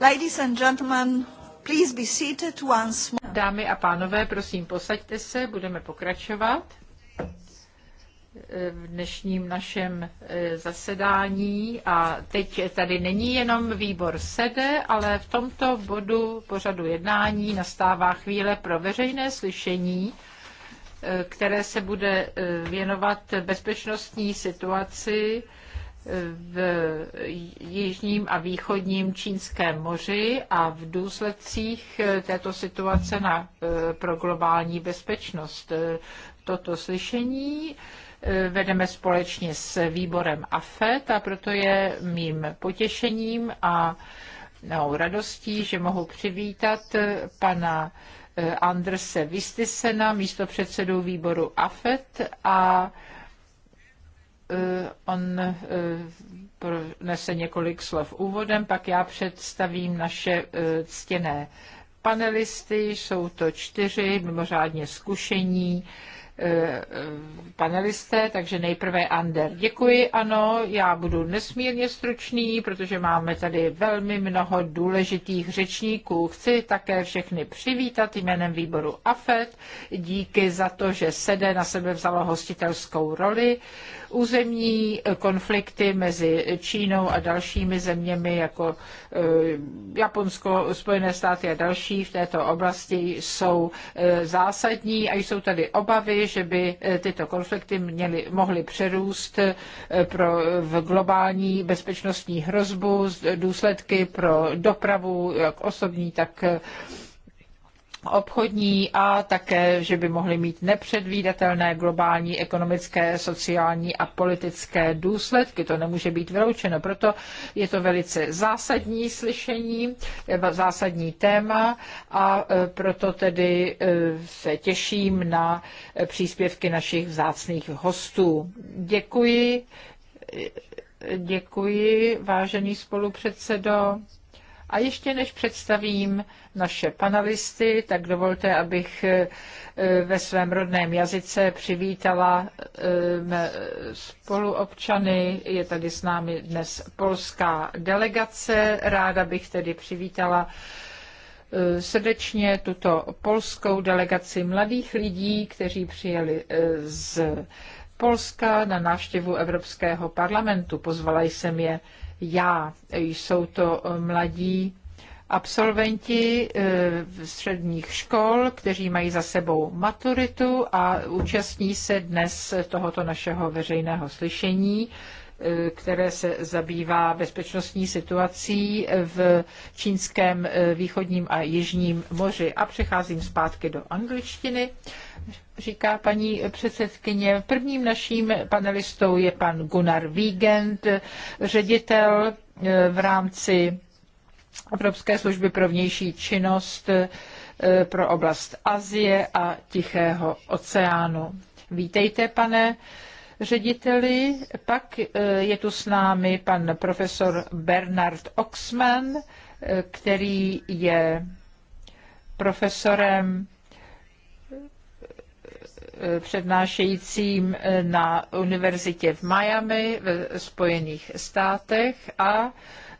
Ladies and gentlemen, please be seated once more. Dámy a pánové, prosím, posaďte se, budeme pokračovat v dnešním našem eh, zasedání. A teď tady není jenom výbor sede, ale v tomto bodu pořadu jednání nastává chvíle pro veřejné slyšení které se bude eh, věnovat bezpečnostní situaci eh, v jižním a východním Čínském moři a v důsledcích eh, této situace na, pro globální bezpečnost. Toto slyšení vedeme společně s výborem AFET a proto je mým potěšením a no, radostí, že mohu přivítat pana Eh, Andrse Vistisena, místo předsedu výboru AFET a eh, on eh, nese několik slov úvodem, pak já představím naše ctěné panelisty, jsou to čtyři mimořádně zkušení Eh, panelisté, takže nejprve Ander. Děkuji, ano, já budu nesmírně stručný, protože máme tady velmi mnoho důležitých řečníků. Chci také všechny přivítat jménem výboru AFET. Díky za to, že SEDE na sebe vzalo hostitelskou roli územní konflikty mezi Čínou a dalšími zeměmi, jako eh, Japonsko, Spojené státy a další v této oblasti jsou eh, zásadní a jsou tady obavy, že by eh, tyto konflikty měly, mohly přerůst pro, v globální bezpečnostní hrozbu, důsledky pro dopravu, jak osobní, tak obchodní a také, že by mohly mít nepředvídatelné globální ekonomické, sociální a politické důsledky. To nemůže být vyloučeno. Proto je to velice zásadní slyšení, eh, zásadní téma a eh, proto tedy eh, se těším na příspěvky našich vzácných hostů. Děkuji. Děkuji, vážený spolupředsedo. A ještě než představím naše panelisty, tak dovolte, abych eh, ve svém rodném jazyce přivítala eh, spoluobčany. Je tady s námi dnes polská delegace. Ráda bych tedy přivítala eh, srdečně tuto polskou delegaci mladých lidí, kteří přijeli z Polska na návštěvu Evropského parlamentu. Pozvala jsem je já. Jsou to eh, mladí absolventi eh, středních škol, kteří mají za sebou maturitu a účastní se dnes tohoto našeho veřejného slyšení eh, které se zabývá bezpečnostní situací v čínském východním a jižním moři. A přecházím zpátky do angličtiny říká paní předsedkyně. Prvním naším panelistou je pan Gunnar Wiegand, ředitel eh, v rámci Evropské služby pro vnější činnost eh, pro oblast Azie a Tichého oceánu. Vítejte, pane řediteli. Pak eh, je tu s námi pan profesor Bernard Oxman, který je profesorem Eh, přednášejícím eh, na univerzitě v Miami ve Spojených státech a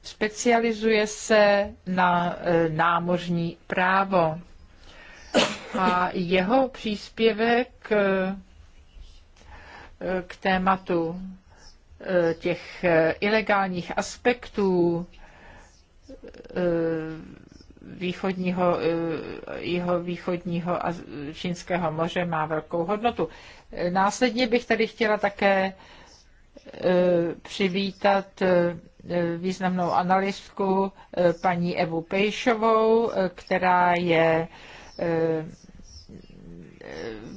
specializuje se na eh, námořní právo. A jeho příspěvek k tématu těch ilegálních aspektů východního, eh, jeho východního a čínského moře má velkou hodnotu. Eh, následně bych tady chtěla také eh, přivítat významnou analystku paní Evu Pejšovou, která je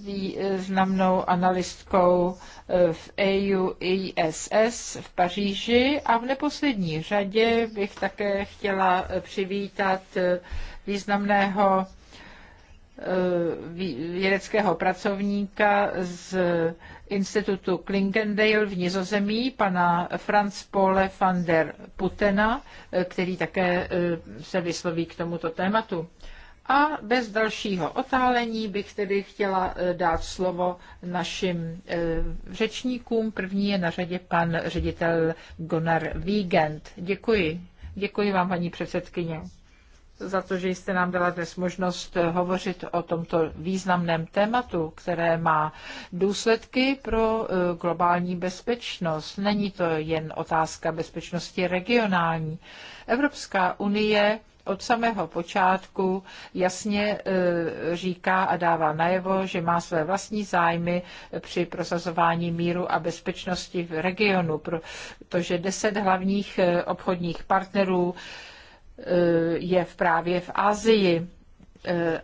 významnou analystkou v EU v Paříži a v neposlední řadě bych také chtěla přivítat významného eh, vědeckého pracovníka z institutu Klingendale v Nizozemí, pana Franz Pole van der Putena, eh, který také eh, se vysloví k tomuto tématu. A bez dalšího otálení bych tedy chtěla eh, dát slovo našim eh, řečníkům. První je na řadě pan ředitel Gunnar Wiegand. Děkuji. Děkuji vám, paní předsedkyně, za to, že jste nám dala dnes možnost eh, hovořit o tomto významném tématu, které má důsledky pro globální bezpečnost. Není to jen otázka bezpečnosti regionální. Evropská unie od samého počátku jasně e, říká a dává najevo, že má své vlastní zájmy při prosazování míru a bezpečnosti v regionu, protože deset hlavních e, obchodních partnerů e, je právě v Asii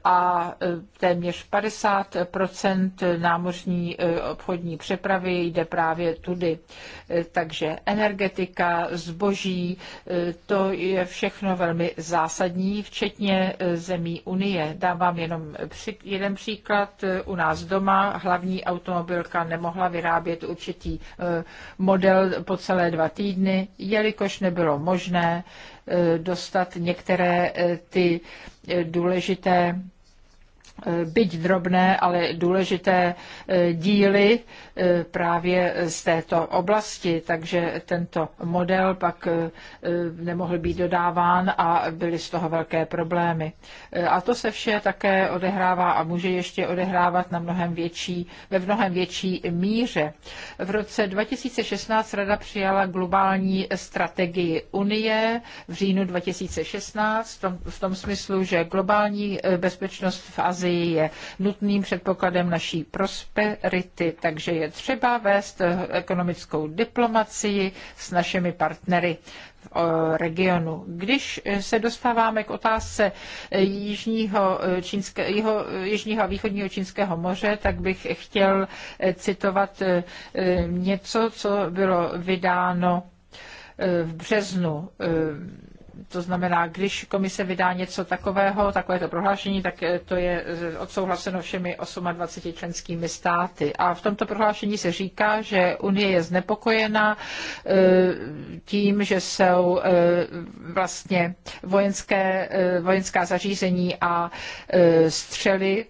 a e, téměř 50 námořní e, obchodní přepravy jde právě tudy. E, takže energetika, zboží, to je všechno velmi zásadní, včetně zemí Unie. Dám vám jenom jeden příklad. U nás doma hlavní automobilka nemohla vyrábět určitý model po celé dva týdny, jelikož nebylo možné dostat některé eh, ty eh, důležité Eh, byť drobné, ale důležité eh, díly eh, právě z této oblasti, takže tento model pak nemohl být dodáván a byly z toho velké problémy. A to se vše také odehrává a může ještě odehrávat na mnohem větší, ve mnohem větší míře. V roce 2016 Rada přijala globální strategii Unie v říjnu 2016 v tom, v tom smyslu, že globální bezpečnost v Azii Asii je nutným předpokladem naší prosperity, takže je třeba vést eh, ekonomickou diplomacii s našimi partnery v eh, regionu. Když eh, se dostáváme k otázce jižního, čínské, jeho, jižního a východního čínského moře, tak bych chtěl citovat něco, co bylo vydáno v březnu to znamená, když komise vydá něco takového, takovéto prohlášení, tak eh, to je eh, odsouhlaseno všemi 28 členskými státy. A v tomto prohlášení se říká, že Unie je znepokojena eh, tím, že jsou vlastně vojenské, vojenská zařízení a střely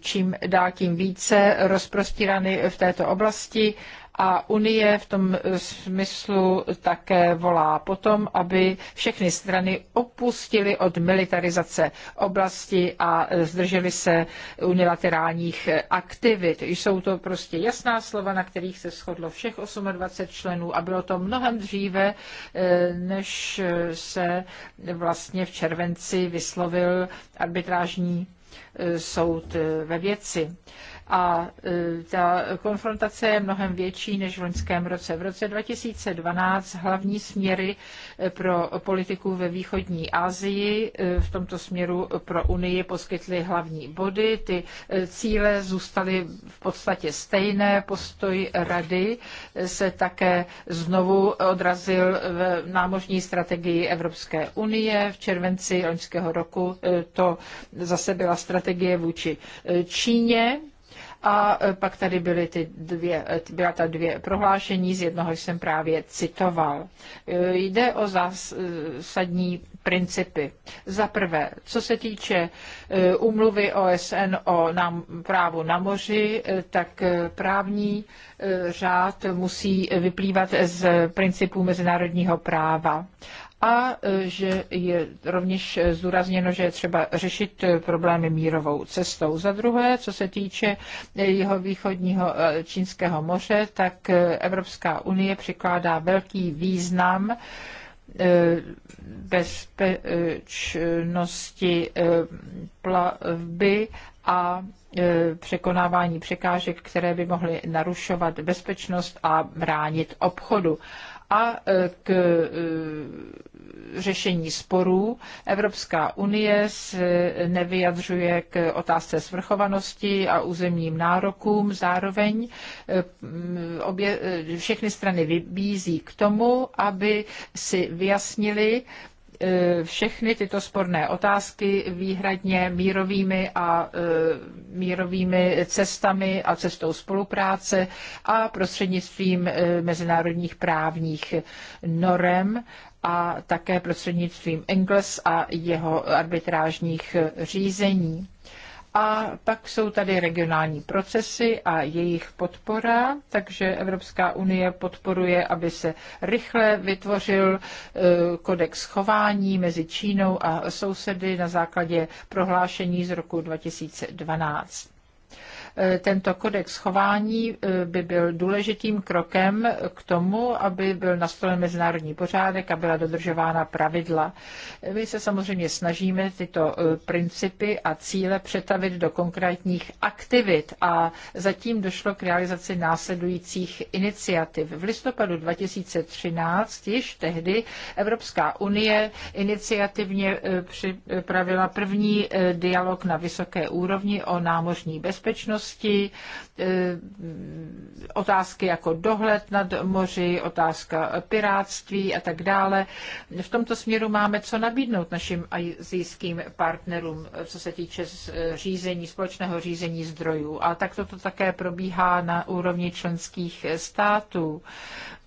čím dál tím více rozprostírany v této oblasti a Unie v tom eh, smyslu také volá potom, aby všechny strany opustily od militarizace oblasti a eh, zdržely se unilaterálních eh, aktivit. Jsou to prostě jasná slova, na kterých se shodlo všech 28 členů a bylo to mnohem dříve, než se vlastně v červenci vyslovil arbitrážní soud ve věci a e, ta konfrontace je mnohem větší než v loňském roce. V roce 2012 hlavní směry e, pro politiku ve východní Asii e, v tomto směru pro Unii poskytly hlavní body. Ty cíle zůstaly v podstatě stejné. Postoj rady se také znovu odrazil v námožní strategii Evropské unie. V červenci loňského roku to zase byla strategie vůči Číně a e, pak tady byly ty dvě, e, byla ta dvě prohlášení, z jednoho jsem právě citoval. E, jde o zásadní principy. Za prvé, co se týče umluvy OSN o nám, právu na moři, tak právní řád musí vyplývat z principů mezinárodního práva a e, že je rovněž zúrazněno, že je třeba řešit e, problémy mírovou cestou. Za druhé, co se týče e, jeho východního Čínského moře, tak Evropská unie přikládá velký význam bezpečnosti plavby a překonávání překážek, které by mohly narušovat bezpečnost a bránit obchodu a e, k e, řešení sporů. Evropská unie se nevyjadřuje k otázce svrchovanosti a územním nárokům. Zároveň e, obě, všechny strany vybízí k tomu, aby si vyjasnili E, všechny tyto sporné otázky výhradně mírovými a e, mírovými cestami a cestou spolupráce a prostřednictvím e, mezinárodních právních norem a také prostřednictvím Engels a jeho arbitrážních řízení. A pak jsou tady regionální procesy a jejich podpora, takže Evropská unie podporuje, aby se rychle vytvořil e, kodex chování mezi Čínou a sousedy na základě prohlášení z roku 2012. Eh, tento kodex chování eh, by byl důležitým krokem k tomu, aby byl nastolen mezinárodní pořádek a byla dodržována pravidla. Eh, my se samozřejmě snažíme tyto principy a cíle přetavit do konkrétních aktivit a zatím došlo k realizaci následujících iniciativ. V listopadu 2013 již tehdy Evropská unie iniciativně připravila první dialog na vysoké úrovni o námořní bezpečnosti žádosti, e, otázky jako dohled nad moři, otázka piráctví a tak dále. V tomto směru máme co nabídnout našim azijským partnerům, co se týče e, řízení, společného řízení zdrojů. A tak toto také probíhá na úrovni členských států.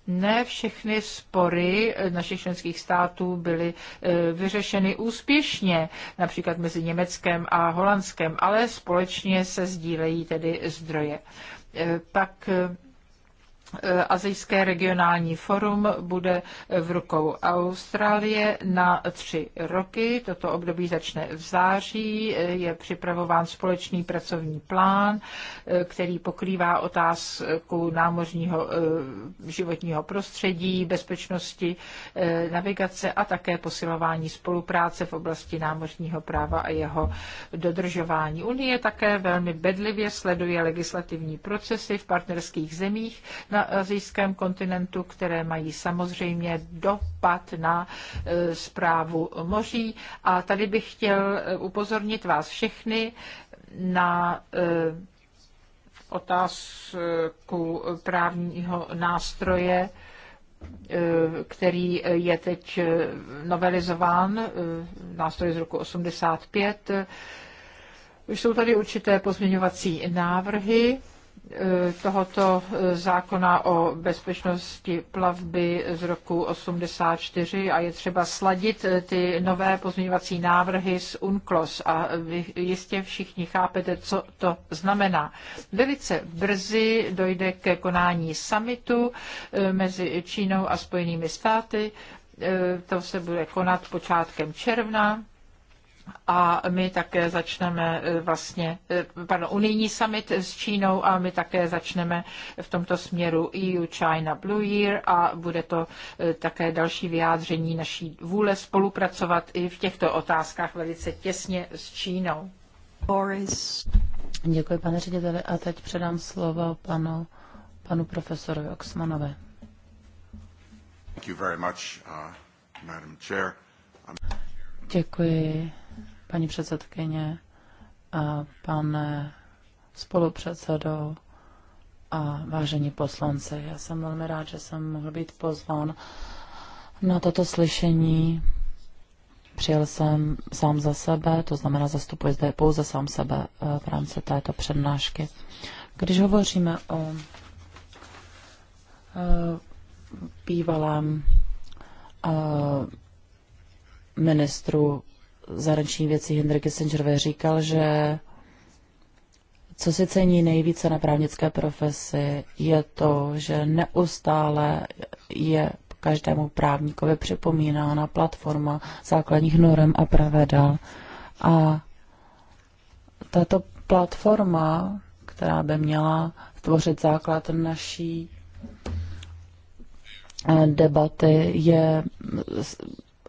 Ne všechny spory našich členských států byly eh, vyřešeny úspěšně, například mezi Německem a Holandskem, ale společně se sdílejí tedy zdroje. Eh, pak eh, Eh, Azijské regionální forum bude v rukou Austrálie na tři roky. Toto období začne v září. Eh, je připravován společný pracovní plán, eh, který pokrývá otázku námořního životního prostředí, bezpečnosti, navigace a také posilování spolupráce v oblasti námořního práva a jeho dodržování. Unie také velmi bedlivě sleduje legislativní procesy v partnerských zemích na azijském kontinentu, které mají samozřejmě dopad na zprávu e, moří. A tady bych chtěl e, upozornit vás všechny na e, otázku právního nástroje, který je teď novelizován, nástroj z roku 85. Už jsou tady určité pozměňovací návrhy. Eh, tohoto eh, zákona o bezpečnosti plavby z roku 84 a je třeba sladit eh, ty nové pozměňovací návrhy s UNCLOS a vy jistě všichni chápete, co to znamená. Velice brzy dojde ke konání summitu mezi Čínou a Spojenými státy. To se bude konat počátkem června a my také začneme e, vlastně, e, pardon, unijní summit s Čínou a my také začneme v tomto směru EU-China Blue Year a bude to e, také další vyjádření naší vůle spolupracovat i v těchto otázkách velice těsně s Čínou. Boris. Děkuji, pane řediteli, a teď předám slovo panu, panu profesorovi Oxmanové. uh, um, Děkuji paní předsedkyně, pane spolupředsedo a vážení poslanci. Já jsem velmi rád, že jsem mohl být pozván na toto slyšení. Přijel jsem sám za sebe, to znamená zastupuji zde pouze sám sebe eh, v rámci této přednášky. Když hovoříme o eh, bývalém eh, ministru zahraniční věcí Henry Kissinger říkal, že co si cení nejvíce na právnické profesi, je to, že neustále je každému právníkovi připomínána platforma základních norm a pravidel. A tato platforma, která by měla tvořit základ naší eh, debaty, je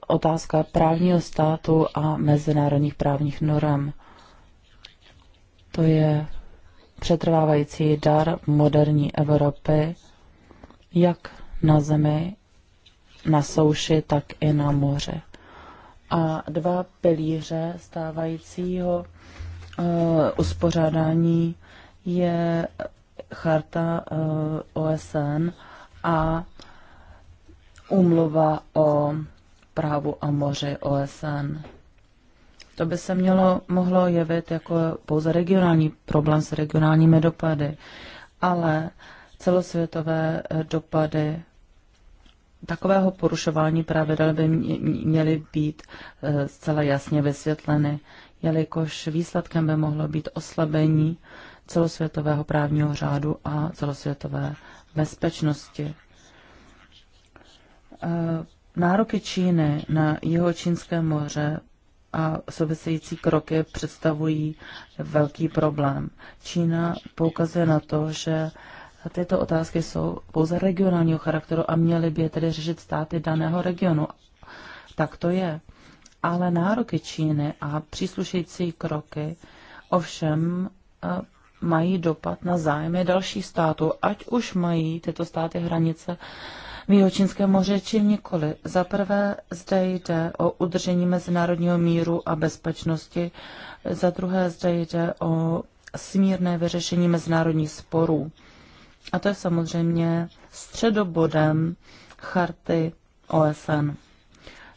otázka právního státu a mezinárodních právních norm. To je přetrvávající dar moderní Evropy, jak na zemi, na souši, tak i na moře. A dva pilíře stávajícího uh, uspořádání je charta uh, eh, OSN a úmluva o právu a moři OSN. To by se mělo, mohlo jevit jako pouze regionální problém s regionálními dopady, ale celosvětové eh, dopady takového porušování pravidel by měly být eh, zcela jasně vysvětleny, jelikož výsledkem by mohlo být oslabení celosvětového právního řádu a celosvětové bezpečnosti. Eh, Nároky Číny na jeho čínské moře a související kroky představují velký problém. Čína poukazuje na to, že tyto otázky jsou pouze regionálního charakteru a měly by je tedy řešit státy daného regionu. Tak to je. Ale nároky Číny a příslušející kroky ovšem eh, mají dopad na zájmy dalších států, ať už mají tyto státy hranice v Jihočínském moře či nikoli. Za prvé zde jde o udržení mezinárodního míru a bezpečnosti, za druhé zde jde o smírné vyřešení mezinárodních sporů. A to je samozřejmě středobodem charty OSN.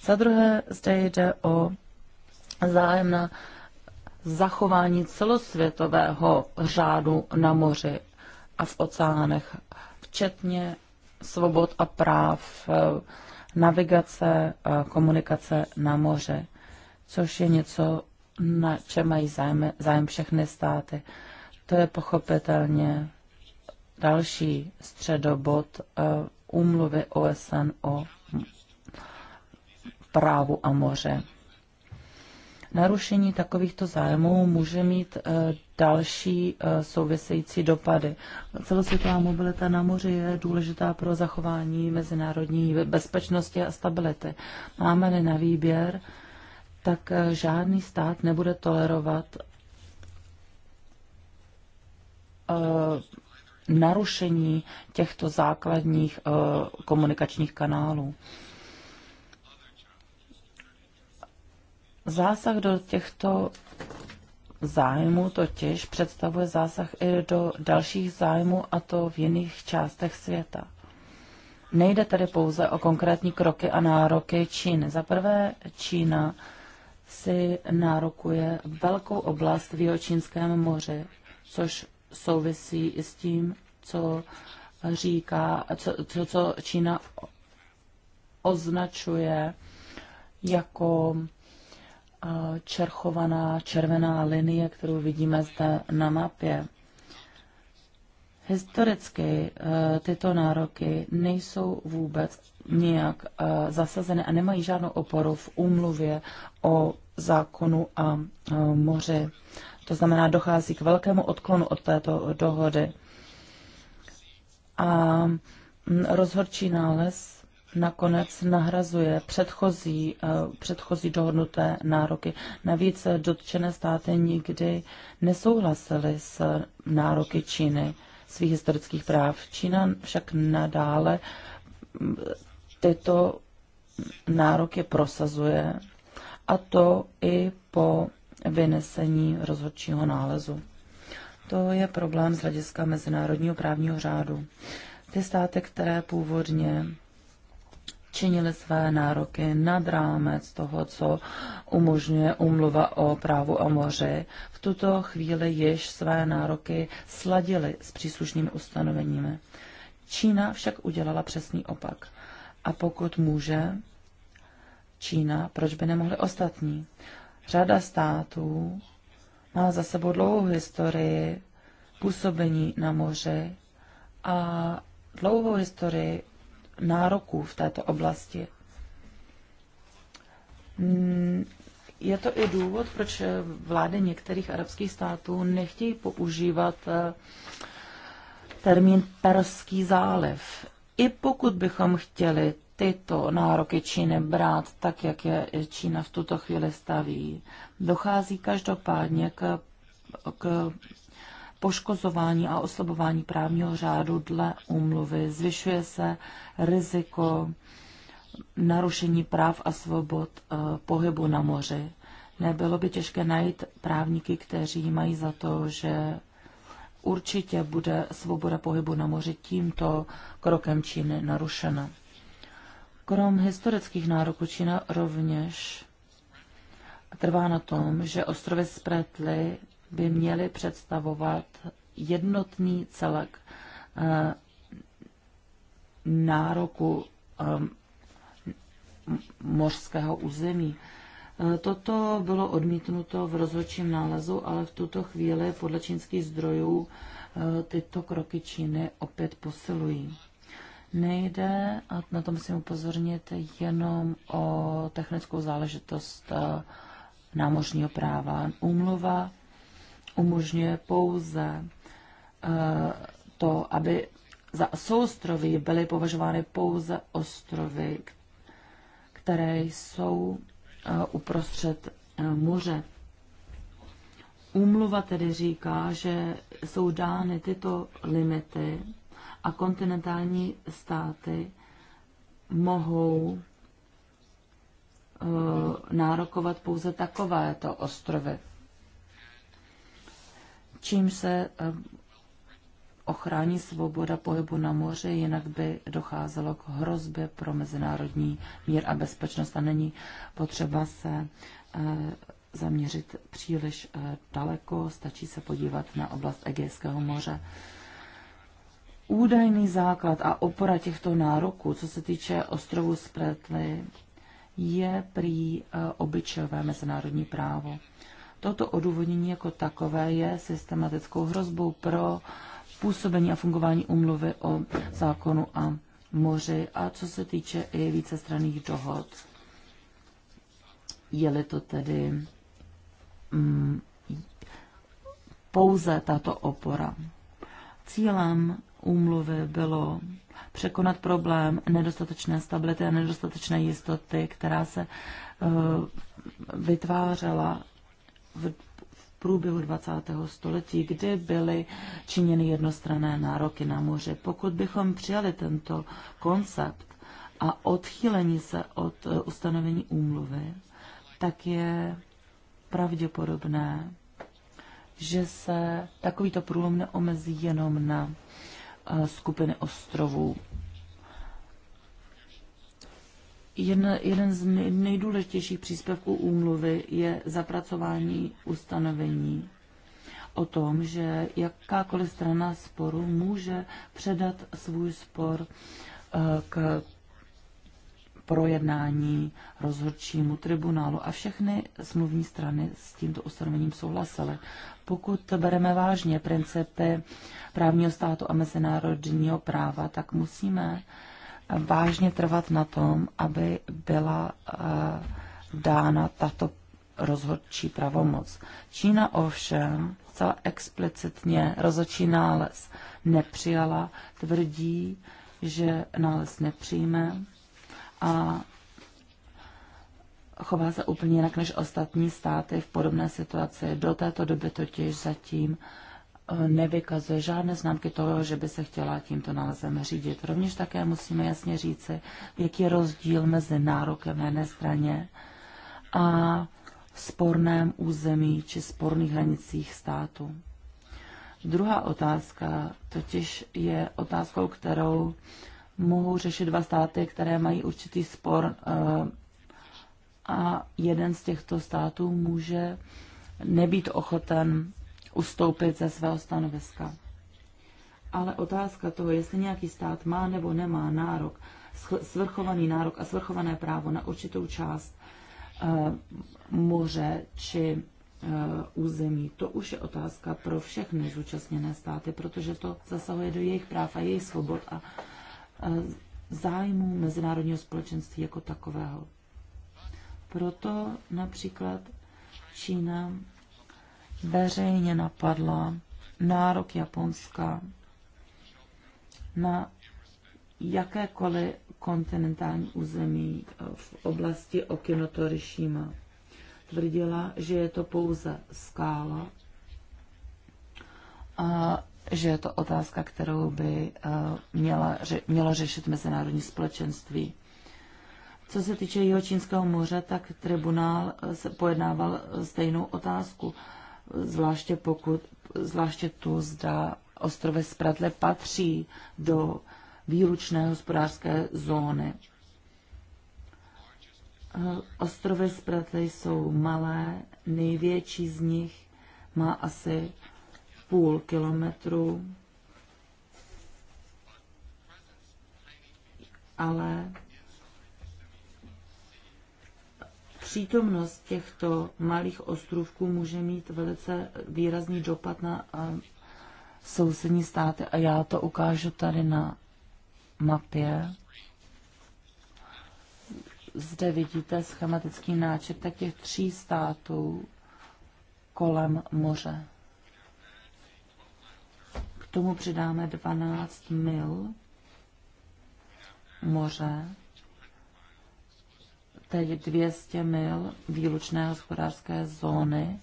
Za druhé zde jde o zájem na zachování celosvětového řádu na moři a v oceánech, včetně svobod a práv, eh, navigace, komunikace na moře, což je něco, na čem mají zájem, zájem všechny státy. To je pochopitelně další středobod eh, úmluvy OSN o právu a moře. Narušení takovýchto zájmů může mít eh, další eh, související dopady. Celosvětová mobilita na moři je důležitá pro zachování mezinárodní bezpečnosti a stability. Máme-li na výběr, tak eh, žádný stát nebude tolerovat narušení těchto základních komunikačních kanálů. Zásah do těchto zájmů totiž představuje zásah i do dalších zájmů, a to v jiných částech světa. Nejde tedy pouze o konkrétní kroky a nároky Číny. Za prvé, Čína si nárokuje velkou oblast v Jihočínském moři, což souvisí i s tím, co říká, co, co, co Čína označuje jako čerchovaná červená linie, kterou vidíme zde na mapě. Historicky eh, tyto nároky nejsou vůbec nijak eh, zasazeny a nemají žádnou oporu v úmluvě o zákonu a eh, moři. To znamená, dochází k velkému odklonu od této dohody. A mm, rozhodčí nález nakonec nahrazuje předchozí, eh, předchozí dohodnuté nároky. Navíc dotčené státy nikdy nesouhlasily s nároky Číny svých historických práv. Čína však nadále mm, tyto nároky prosazuje a to i po vynesení rozhodčího nálezu. To je problém z hlediska mezinárodního právního řádu. Ty státy, které původně činili své nároky nad rámec toho, co umožňuje umluva o právu o moři, v tuto chvíli již své nároky sladili s příslušnými ustanoveními. Čína však udělala přesný opak. A pokud může Čína, proč by nemohli ostatní? Řada států má za sebou dlouhou historii působení na moři a dlouhou historii nároků v této oblasti. Hmm, je to i důvod, proč vlády některých arabských států nechtějí používat eh, termín Perský záliv. I pokud bychom chtěli tyto nároky Číny brát tak, jak je Čína v tuto chvíli staví, dochází každopádně k, k poškozování a oslabování právního řádu dle úmluvy. Zvyšuje se riziko narušení práv a svobod eh, pohybu na moři. Nebylo by těžké najít právníky, kteří mají za to, že určitě bude svoboda pohybu na moři tímto krokem Číny narušena. Krom historických nároků Čína rovněž trvá na tom, že ostrovy Spretly by měly představovat jednotný celek eh, nároku eh, mořského území. Eh, toto bylo odmítnuto v rozhodčím nálezu, ale v tuto chvíli podle čínských zdrojů tyto kroky Číny opět posilují. Nejde, a na to musím upozornit, jenom o technickou záležitost námořního práva. Úmluva umožňuje pouze eh, to, aby za soustroví byly považovány pouze ostrovy, které jsou eh, uprostřed eh, moře. Úmluva tedy říká, že jsou dány tyto limity a kontinentální státy mohou nárokovat pouze takovéto ostrovy čím se eh, ochrání svoboda pohybu na moři, jinak by docházelo k hrozbě pro mezinárodní mír a bezpečnost a není potřeba se eh, zaměřit příliš eh, daleko, stačí se podívat na oblast Egejského moře. Údajný základ a opora těchto nároků, co se týče ostrovu Spretly, je prý obyčejové mezinárodní právo. Toto odůvodnění jako takové je systematickou hrozbou pro působení a fungování umluvy o zákonu a moři a co se týče i vícestranných dohod. Je-li to tedy mm, pouze tato opora. Cílem úmluvy bylo překonat problém nedostatečné stability a nedostatečné jistoty, která se uh, vytvářela v průběhu 20. století, kdy byly činěny jednostranné nároky na moře. Pokud bychom přijali tento koncept a odchýlení se od eh, ustanovení úmluvy, tak je pravděpodobné, že se takovýto průlom neomezí jenom na eh, skupiny ostrovů Jeden, jeden z nejdůležitějších příspěvků úmluvy je zapracování ustanovení o tom, že jakákoliv strana sporu může předat svůj spor eh, k projednání rozhodčímu tribunálu a všechny smluvní strany s tímto ustanovením souhlasily. Pokud bereme vážně principy právního státu a mezinárodního práva, tak musíme uh, vážně trvat na tom, aby byla eh, dána tato rozhodčí pravomoc. Čína ovšem zcela explicitně rozhodčí nález nepřijala, tvrdí, že nález nepřijme a chová se úplně jinak než ostatní státy v podobné situaci. Do této doby totiž zatím uh, nevykazuje žádné známky toho, že by se chtěla tímto nálezem řídit. Rovněž také musíme jasně říci, jaký je rozdíl mezi nárokem na jedné straně a sporném území či sporných hranicích státu. Druhá otázka totiž je otázkou, kterou mohou řešit dva státy, které mají určitý spor eh, a jeden z těchto států může nebýt ochoten ustoupit ze svého stanoviska. Ale otázka toho, jestli nějaký stát má nebo nemá nárok, svrchovaný nárok a svrchované právo na určitou část uh, moře či eh, území. To už je otázka pro všechny zúčastněné státy, protože to zasahuje do jejich práv a jejich svobod a eh, zájmu mezinárodního společenství jako takového. Proto například Čína veřejně napadla nárok Japonska na jakékoliv kontinentální území v oblasti Okinotorishima. Tvrdila, že je to pouze skála a že je to otázka, kterou by eh, měla, mělo řešit mezinárodní společenství. Co se týče Jihočínského moře, tak tribunál eh, pojednával eh, stejnou otázku zvláště, pokud, zvláště tu zda ostrove Spratle patří do výlučné hospodářské zóny. Eh, ostrovy Spratly jsou malé, největší z nich má asi půl kilometru, ale přítomnost těchto malých ostrovků může mít velice výrazný dopad na eh, sousední státy a já to ukážu tady na mapě. Zde vidíte schematický náčrt těch tří států kolem moře. K tomu přidáme 12 mil moře teď 200 mil výlučné hospodářské zóny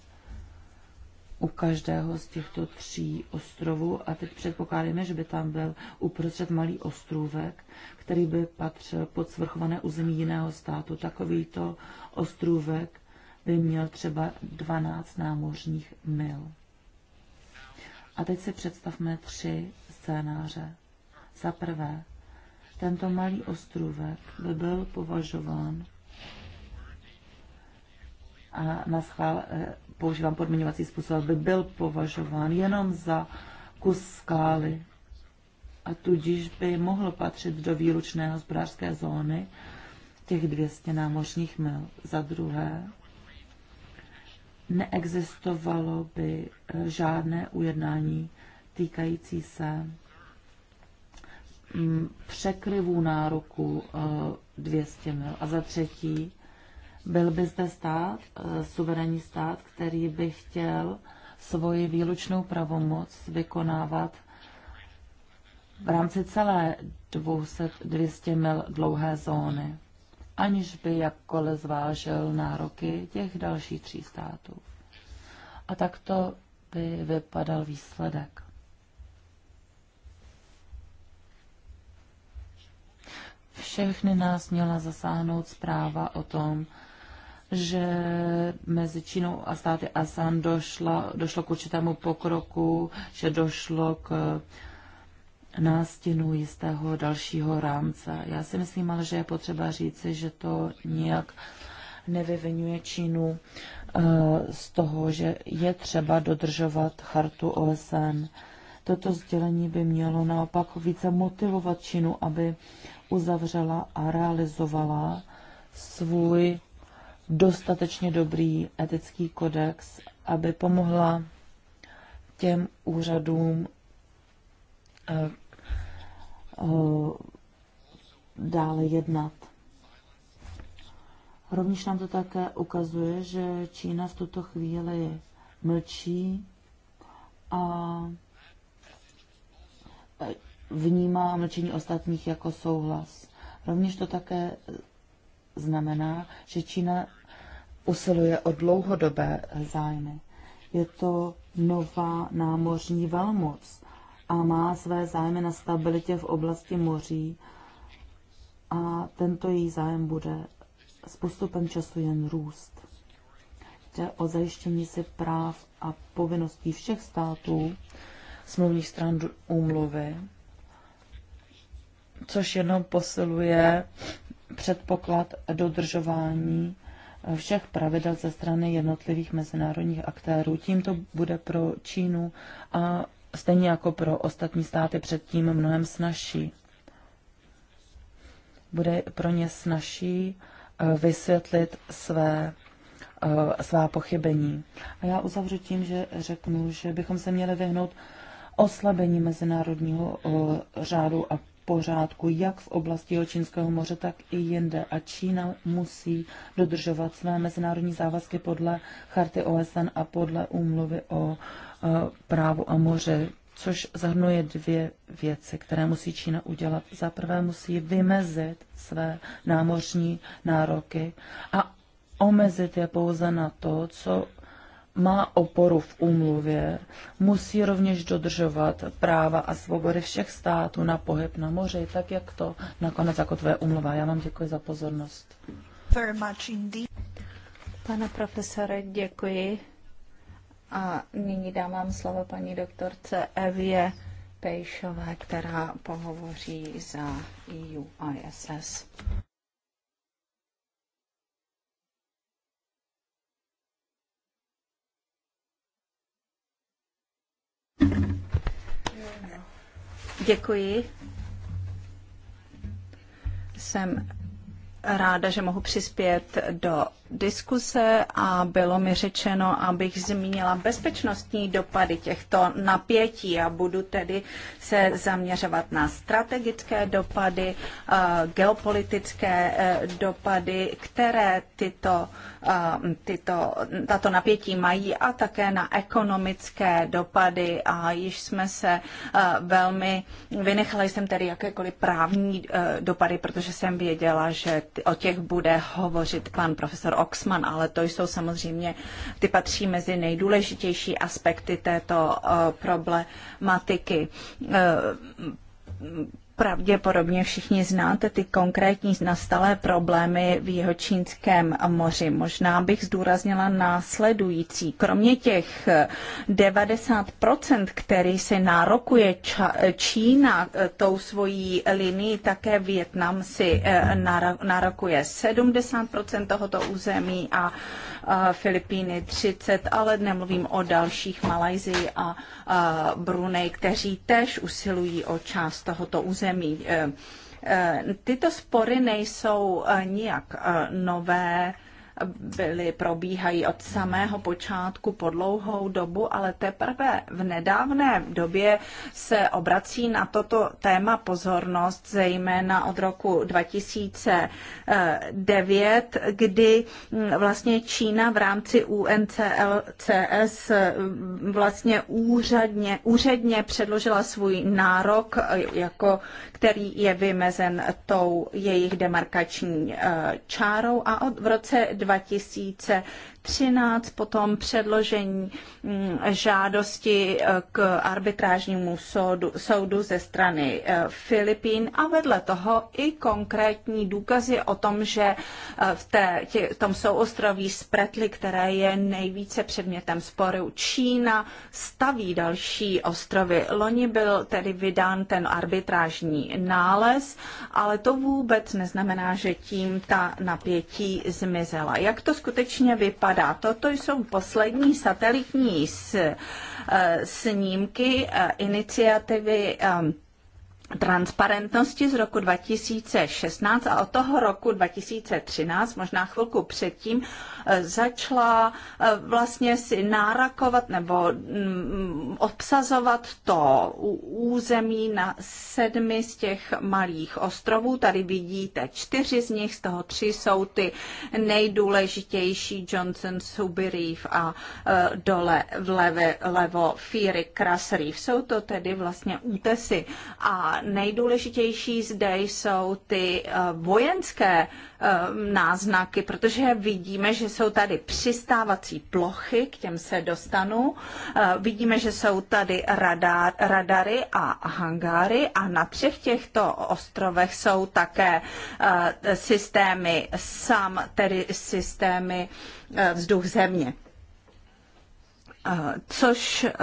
u každého z těchto tří ostrovů a teď předpokládáme, že by tam byl uprostřed malý ostrůvek, který by patřil pod svrchované území jiného státu. Takovýto ostrůvek by měl třeba 12 námořních mil. A teď si představme tři scénáře. Za prvé, tento malý ostrůvek by byl považován a na schvál eh, používám podmiňovací způsob, aby byl považován jenom za kus skály a tudíž by mohl patřit do výlučné hospodářské zóny těch 200 námořních mil. Za druhé, neexistovalo by eh, žádné ujednání týkající se mm, překryvů nároku 200 eh, mil. A za třetí, byl by zde stát, eh, suverénní stát, který by chtěl svoji výlučnou pravomoc vykonávat v rámci celé 200, 200 mil dlouhé zóny, aniž by jakkoliv zvážil nároky těch dalších tří států. A takto by vypadal výsledek. Všechny nás měla zasáhnout zpráva o tom, že mezi Čínou a státy ASEAN došla, došlo k určitému pokroku, že došlo k nástinu jistého dalšího rámce. Já si myslím ale, že je potřeba říci, že to nijak nevyvinuje Čínu eh, z toho, že je třeba dodržovat chartu OSN. Toto sdělení by mělo naopak více motivovat Čínu, aby uzavřela a realizovala svůj dostatečně dobrý etický kodex, aby pomohla těm úřadům eh, eh, dále jednat. Rovněž nám to také ukazuje, že Čína v tuto chvíli mlčí a eh, vnímá mlčení ostatních jako souhlas. Rovněž to také znamená, že Čína usiluje o dlouhodobé zájmy. Je to nová námořní velmoc a má své zájmy na stabilitě v oblasti moří a tento její zájem bude s postupem času jen růst. Jde o zajištění si práv a povinností všech států smluvních stran úmluvy, což jenom posiluje předpoklad dodržování všech pravidel ze strany jednotlivých mezinárodních aktérů. Tím to bude pro Čínu a stejně jako pro ostatní státy předtím mnohem snažší. Bude pro ně snažší eh, vysvětlit své eh, svá pochybení. A já uzavřu tím, že řeknu, že bychom se měli vyhnout oslabení mezinárodního eh, řádu a pořádku jak v oblasti Jočínského moře, tak i jinde. A Čína musí dodržovat své mezinárodní závazky podle charty OSN a podle úmluvy o e, právu a moře, což zahrnuje dvě věci, které musí Čína udělat. Za prvé musí vymezit své námořní nároky a omezit je pouze na to, co má oporu v úmluvě, musí rovněž dodržovat práva a svobody všech států na pohyb na moři, tak jak to nakonec jako tvoje úmluva. Já vám děkuji za pozornost. Very much indeed. Pane profesore, děkuji. A nyní dám vám slovo paní doktorce Evě Pejšové, která pohovoří za EU ISS. Děkuji. Jsem ráda, že mohu přispět do diskuse a bylo mi řečeno, abych zmínila bezpečnostní dopady těchto napětí a budu tedy se zaměřovat na strategické dopady, eh, geopolitické eh, dopady, které tyto, eh, tyto, tato napětí mají a také na ekonomické dopady a již jsme se velmi, vynechala jsem tedy jakékoliv právní dopady, protože jsem věděla, že o těch bude hovořit pan profesor Oxman, ale to jsou samozřejmě, ty patří mezi nejdůležitější aspekty této eh, problematiky eh, Pravděpodobně všichni znáte ty konkrétní nastalé problémy v jeho čínském moři. Možná bych zdůraznila následující. Kromě těch 90%, který se nárokuje Čína e, tou svojí linií, také Větnam si e, nárokuje 70% tohoto území a Filipíny 30, ale nemluvím o dalších Malajzii a Brunei, kteří tež usilují o část tohoto území. E, e, tyto spory nejsou e, nijak nové byly, probíhají od samého počátku po dlouhou dobu, ale teprve v nedávné době se obrací na toto téma pozornost, zejména od roku 2009, kdy mm, vlastně Čína v rámci UNCLCS mm, vlastně úřadně, úředně předložila svůj nárok, jako, který je vymezen tou jejich demarkační eh, čárou a od, v roce 2000. 13 potom předložení mm, žádosti eh, k arbitrážnímu soudu, soudu ze strany eh, Filipín a vedle toho i konkrétní důkazy o tom, že eh, v té, tě, tom souostroví Spretli, které je nejvíce předmětem sporu Čína, staví další ostrovy. Loni byl tedy vydán ten arbitrážní nález, ale to vůbec neznamená, že tím ta napětí zmizela. Jak to skutečně vypadá? vypadá. Toto jsou poslední satelitní eh, snímky eh, iniciativy eh, transparentnosti z roku 2016 a od toho roku 2013, možná chvilku předtím, eh, začala eh, vlastně si nárakovat nebo mm, obsazovat to území na sedmi z těch malých ostrovů. Tady vidíte čtyři z nich, z toho tři jsou ty nejdůležitější Johnson, Suby Reef a eh, dole vleve, levo Fury Crass Reef. Jsou to tedy vlastně útesy a nejdůležitější zde jsou ty eh, vojenské eh, náznaky, protože vidíme, že jsou tady přistávací plochy, k těm se dostanu, eh, vidíme, že jsou tady radar, radary a hangáry a na třech těchto ostrovech jsou také systémy SAM, tedy systémy vzduch země. Eh, což eh,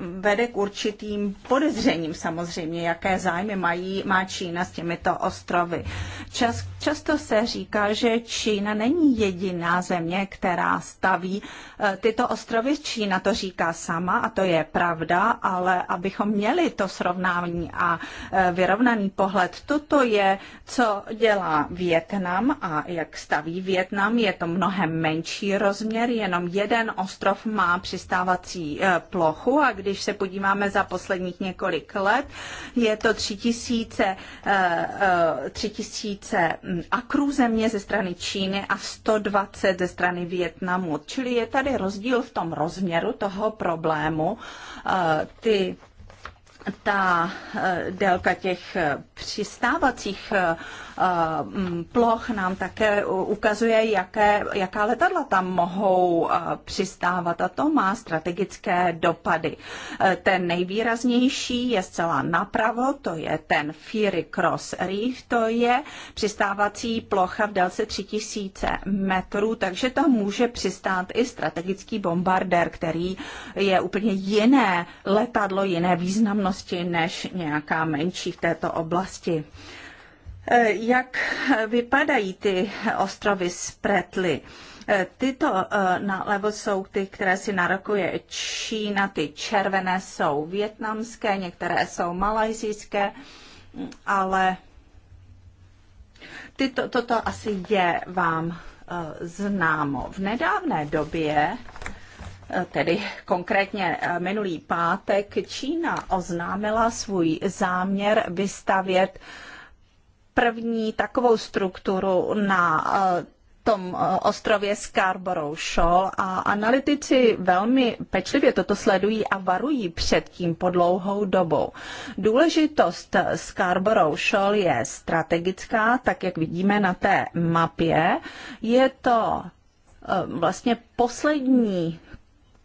vede k určitým podezřením samozřejmě, jaké zájmy mají, má Čína s těmito ostrovy. Čas, často se říká, že Čína není jediná země, která staví eh, tyto ostrovy. Čína to říká sama a to je pravda, ale abychom měli to srovnání a vyrovnaný pohled, toto je, co dělá Větnam a jak staví Větnam. Je to mnohem menší rozměr, jenom jeden ostrov má při přistávací eh, plochu a když se podíváme za posledních několik let, je to 3000, 3000 eh, eh, hm, akrů země ze strany Číny a 120 ze strany Větnamu. Čili je tady rozdíl v tom rozměru toho problému. Ty ta eh, délka těch eh, přistávacích eh, ploch nám také ukazuje, jaké, jaká letadla tam mohou přistávat a to má strategické dopady. Ten nejvýraznější je zcela napravo, to je ten Fury Cross Reef, to je přistávací plocha v délce 3000 metrů, takže tam může přistát i strategický bombardér, který je úplně jiné letadlo, jiné významnosti společnosti než nějaká menší v této oblasti. Eh, jak vypadají ty ostrovy Spretly? Eh, tyto eh, nalevo jsou ty, které si narokuje Čína, ty červené jsou větnamské, některé jsou malajzijské, ale tyto, toto asi je vám známo. V nedávné době tedy konkrétně eh, minulý pátek, Čína oznámila svůj záměr vystavět první takovou strukturu na eh, tom eh, ostrově Scarborough Shoal a analytici velmi pečlivě toto sledují a varují před tím po dlouhou dobou. Důležitost Scarborough Shoal je strategická, tak jak vidíme na té mapě. Je to vlastně poslední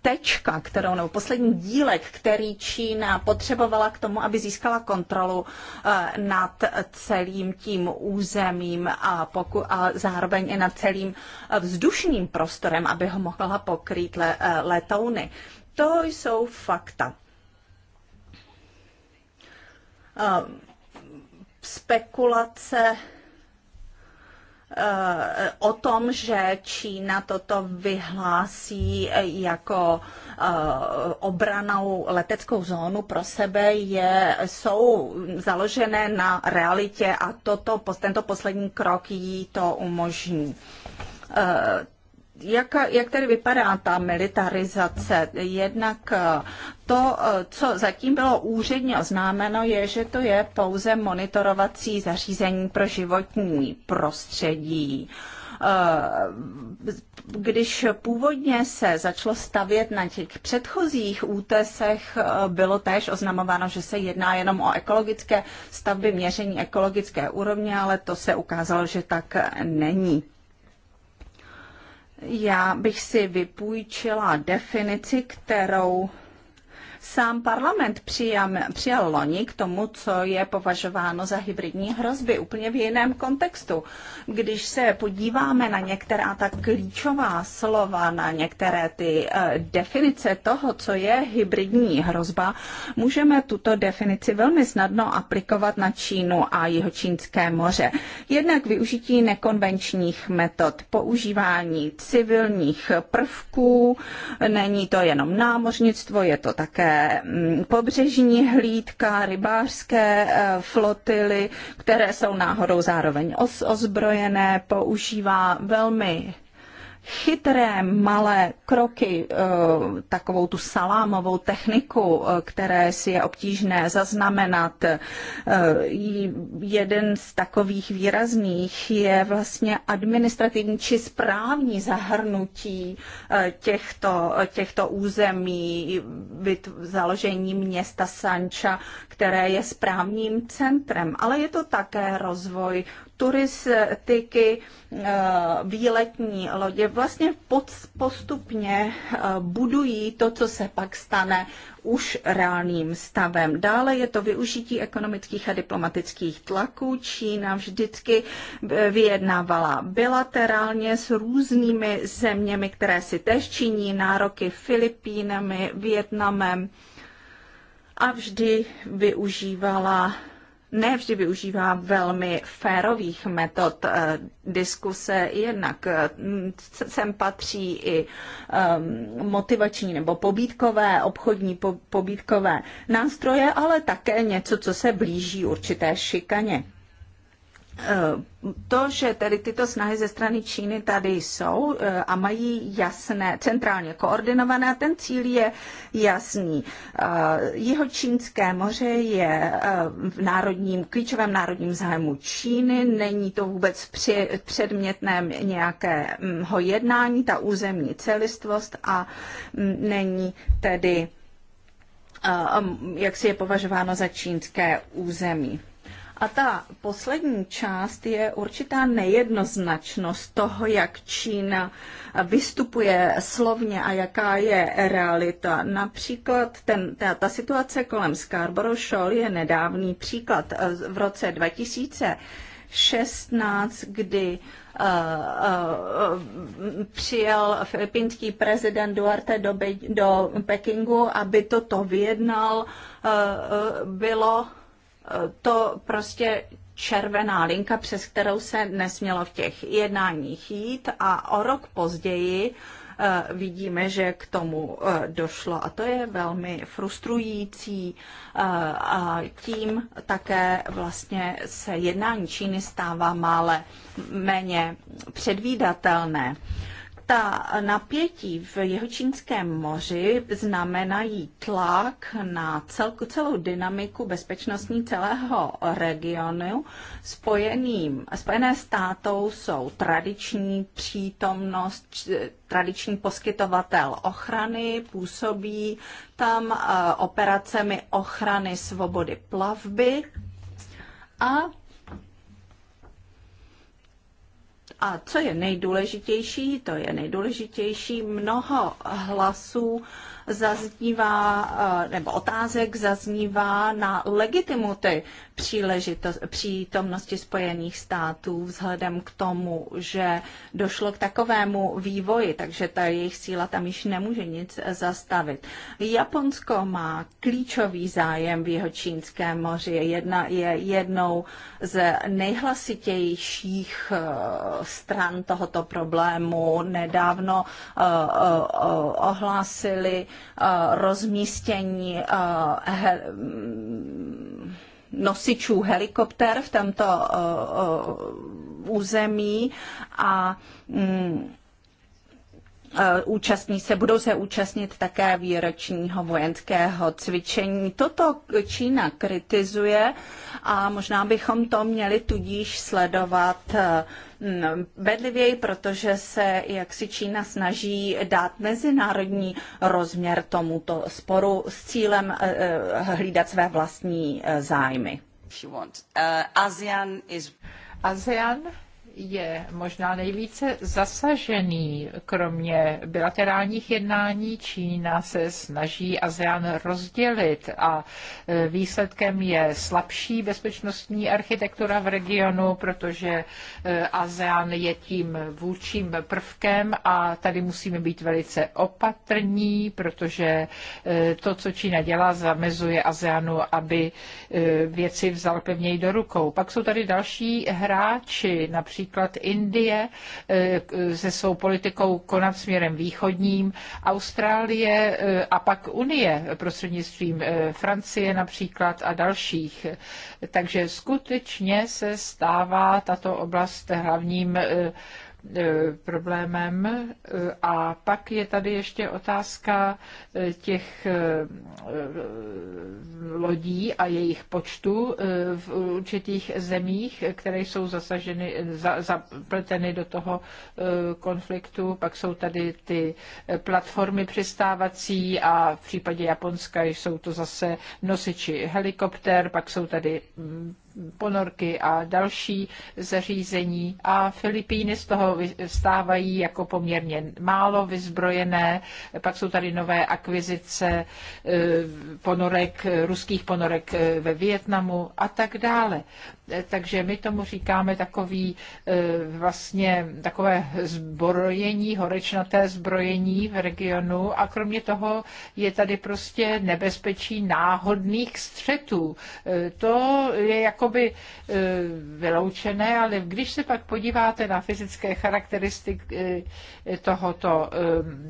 tečka, kterou, nebo poslední dílek, který Čína potřebovala k tomu, aby získala kontrolu eh, nad celým tím územím a, poku, a zároveň i nad celým eh, vzdušným prostorem, aby ho mohla pokrýt le, eh, letouny. To jsou fakta. Spekulace Eh, o tom, že Čína toto vyhlásí eh, jako eh, obranou leteckou zónu pro sebe, je, jsou založené na realitě a toto, tento poslední krok jí to umožní jak, jak tedy vypadá ta militarizace? Jednak eh, to, eh, co zatím bylo úředně oznámeno, je, že to je pouze monitorovací zařízení pro životní prostředí eh, když původně se začalo stavět na těch předchozích útesech, bylo též oznamováno, že se jedná jenom o ekologické stavby, měření ekologické úrovně, ale to se ukázalo, že tak není. Já bych si vypůjčila definici, kterou Sám parlament přijal, přijal loni k tomu, co je považováno za hybridní hrozby, úplně v jiném kontextu. Když se podíváme na některá ta klíčová slova, na některé ty eh, definice toho, co je hybridní hrozba, můžeme tuto definici velmi snadno aplikovat na Čínu a Jihočínské moře. Jednak využití nekonvenčních metod, používání civilních prvků, není to jenom námořnictvo, je to také Mm, pobřežní hlídka, rybářské eh, flotily, které jsou náhodou zároveň ozbrojené, používá velmi chytré malé kroky, eh, takovou tu salámovou techniku, eh, které si je obtížné zaznamenat. Eh, jeden z takových výrazných je vlastně administrativní či správní zahrnutí těchto, těchto území, založení města Sanča, které je správním centrem, ale je to také rozvoj turistiky, eh, výletní lodě vlastně postupně eh, budují to, co se pak stane už reálným stavem. Dále je to využití ekonomických a diplomatických tlaků. Čína vždycky eh, vyjednávala bilaterálně s různými zeměmi, které si tež činí nároky Filipínami, Větnamem a vždy využívala ne vždy využívá velmi férových metod eh, diskuse. Jednak eh, sem patří i ehm, motivační nebo pobídkové, obchodní pobídkové nástroje, ale také něco, co se blíží určité šikaně. To, že tedy tyto snahy ze strany Číny tady jsou eh, a mají jasné, centrálně koordinované, ten cíl je jasný. Eh, Jeho čínské moře je eh, v národním, klíčovém národním zájmu Číny, není to vůbec při, předmětném nějakého hm, jednání, ta územní celistvost a hm, není tedy, hm, jak si je považováno za čínské území. A ta poslední část je určitá nejednoznačnost toho, jak Čína vystupuje slovně a jaká je realita. Například ten, ta, ta situace kolem Scarborough Shoal je nedávný příklad. V roce 2016, kdy Uh, uh, přijel filipínský prezident Duarte do, Be do Pekingu, aby toto vyjednal, uh, bylo to prostě červená linka, přes kterou se nesmělo v těch jednáních jít a o rok později eh, vidíme, že k tomu eh, došlo a to je velmi frustrující eh, a tím také vlastně se jednání Číny stává mále méně předvídatelné ta napětí v Jehočínském moři znamenají tlak na celku celou dynamiku bezpečnostní celého regionu. Spojeným, spojené státou jsou tradiční přítomnost, tradiční poskytovatel ochrany, působí tam eh, operacemi ochrany svobody plavby a A co je nejdůležitější, to je nejdůležitější mnoho hlasů zaznívá, eh, nebo otázek zaznívá na legitimuty přítomnosti Spojených států vzhledem k tomu, že došlo k takovému vývoji, takže ta jejich síla tam již nemůže nic zastavit. Japonsko má klíčový zájem v jeho čínském moři. Jedna, je jednou z nejhlasitějších eh, stran tohoto problému. Nedávno eh, ohlásili Eh, rozmístění eh, mm, nosičů helikopter v tomto eh, území a mm, Eh, účastní se, budou se účastnit také výročního vojenského cvičení. Toto Čína kritizuje a možná bychom to měli tudíž sledovat eh, bedlivěji, protože se jak si Čína snaží dát mezinárodní rozměr tomuto sporu s cílem eh, hlídat své vlastní zájmy. ASEAN is... ASEAN je možná nejvíce zasažený. Kromě bilaterálních jednání Čína se snaží ASEAN rozdělit a e, výsledkem je slabší bezpečnostní architektura v regionu, protože e, ASEAN je tím vůdčím prvkem a tady musíme být velice opatrní, protože e, to, co Čína dělá, zamezuje ASEANu, aby věci vzal pevněji do rukou. Pak jsou tady další hráči, například příklad Indie eh, se svou politikou konat směrem východním, Austrálie eh, a pak Unie prostřednictvím eh, Francie například a dalších. Takže skutečně se stává tato oblast hlavním E, problémem. E, a pak je tady ještě otázka e, těch lodí a jejich počtu v určitých zemích, které jsou zasaženy, zapleteny do toho konfliktu. Pak jsou tady ty platformy přistávací a v případě Japonska jsou to zase nosiči helikopter, pak jsou tady mm, ponorky a další zařízení a Filipíny z toho stávají jako poměrně málo vyzbrojené. Pak jsou tady nové akvizice eh, ponorek, ruských ponorek eh, ve Vietnamu a tak dále takže my tomu říkáme takový e, vlastně takové zbrojení, horečnaté zbrojení v regionu a kromě toho je tady prostě nebezpečí náhodných střetů. E, to je jakoby e, vyloučené, ale když se pak podíváte na fyzické charakteristiky tohoto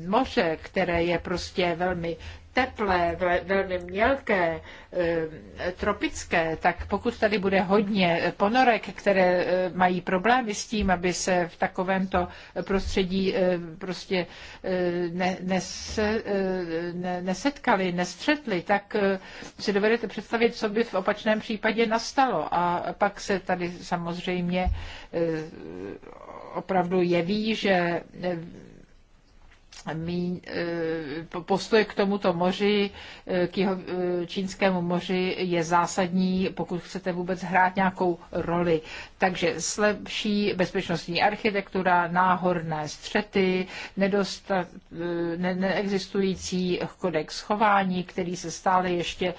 moře, které je prostě velmi teplé, velmi mělké, eh, tropické, tak pokud tady bude hodně ponorek, které eh, mají problémy s tím, aby se v takovémto prostředí eh, prostě ne, nese, ne, nesetkali, nestřetli, tak si dovedete představit, co by v opačném případě nastalo. A pak se tady samozřejmě opravdu jeví, že míň, eh, postoj k tomuto moři, eh, k jeho eh, čínskému moři je zásadní, pokud chcete vůbec hrát nějakou roli. Takže slabší bezpečnostní architektura, náhorné střety, nedostat, ne, neexistující kodex chování, který se stále ještě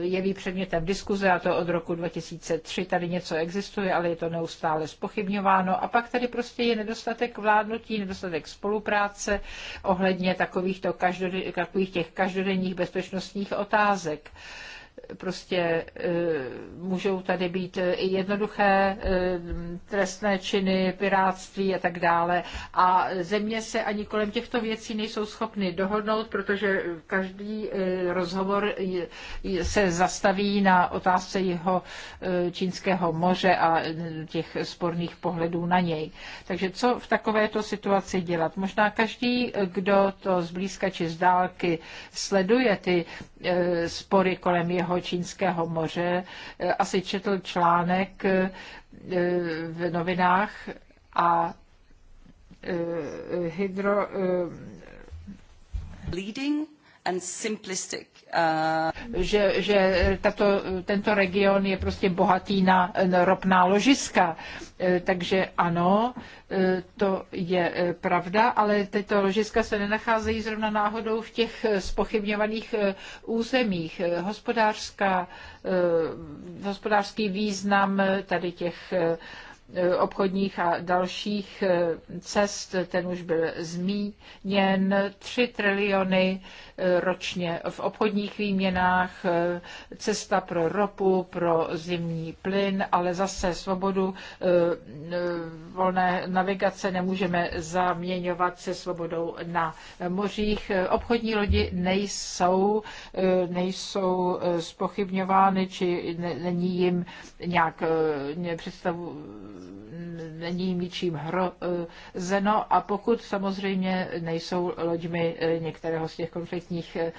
jeví předmětem diskuze, a to od roku 2003 tady něco existuje, ale je to neustále spochybňováno. A pak tady prostě je nedostatek vládnutí, nedostatek spolupráce, ohledně takovýchto takových těch každodenních bezpečnostních otázek prostě e, můžou tady být e, i jednoduché e, trestné činy, pirátství a tak dále. A země se ani kolem těchto věcí nejsou schopny dohodnout, protože každý rozhovor se zastaví na otázce jeho čínského moře a těch sporných pohledů na něj. Takže co v takovéto situaci dělat? Možná každý, kdo to zblízka či z dálky sleduje ty spory kolem jeho Jižního Čínského moře eh, asi četl článek eh, v novinách a eh, hydro... Leading and simplistic že, že tato, tento region je prostě bohatý na, ropná ložiska. E, takže ano, e, to je e, pravda, ale tyto ložiska se nenacházejí zrovna náhodou v těch spochybňovaných územích. Hospodářská, hospodářský význam tady těch Eh, obchodních a dalších eh, cest, ten už byl zmíněn, 3 triliony eh, ročně v obchodních výměnách, cesta pro ropu, pro zimní plyn, ale zase svobodu volné navigace nemůžeme zaměňovat se svobodou na mořích. Obchodní lodi nejsou, nejsou spochybňovány, či není jim nějak představu není ničím hrozeno a pokud samozřejmě nejsou loďmi eh, některého z těch konfliktních eh,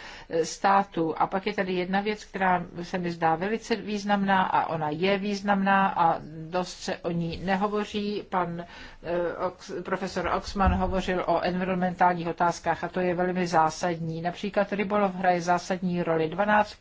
států. A pak je tady jedna věc, která se mi zdá velice významná a ona je významná a dost se o ní nehovoří. Pan eh, profesor Oxman hovořil o environmentálních otázkách a to je velmi zásadní. Například rybolov hraje zásadní roli. 12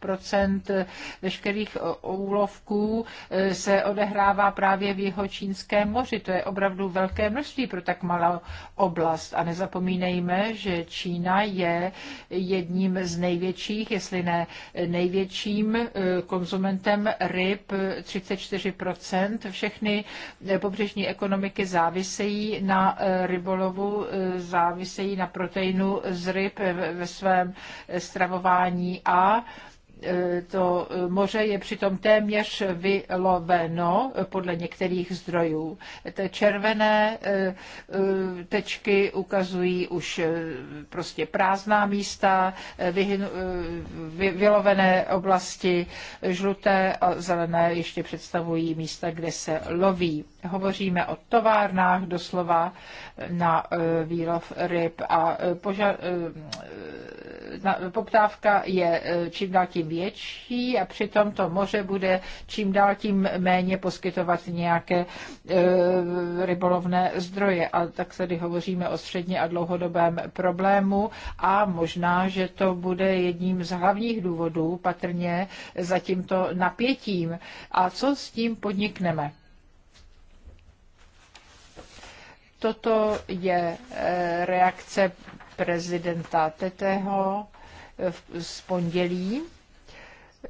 veškerých úlovků se odehrává právě v jeho Čínském moři. To je opravdu velké množství pro tak malou oblast. A nezapomínejme, že Čína je jedním z největších, jestli ne největším eh, konzumentem ryb, 34%. Všechny eh, pobřežní ekonomiky závisejí na eh, rybolovu, závisejí na proteinu z ryb ve svém stravování a E, to e, moře je přitom téměř vyloveno podle některých zdrojů. Te červené e, tečky ukazují už prostě prázdná místa, vylovené oblasti, žluté a zelené ještě představují místa, kde se loví. Hovoříme o továrnách doslova na výlov ryb a poža- poptávka je čím dál tím větší a přitom to moře bude čím dál tím méně poskytovat nějaké e, rybolovné zdroje. A tak tady hovoříme o středně a dlouhodobém problému a možná, že to bude jedním z hlavních důvodů patrně za tímto napětím. A co s tím podnikneme? Toto je e, reakce prezidenta Teteho z pondělí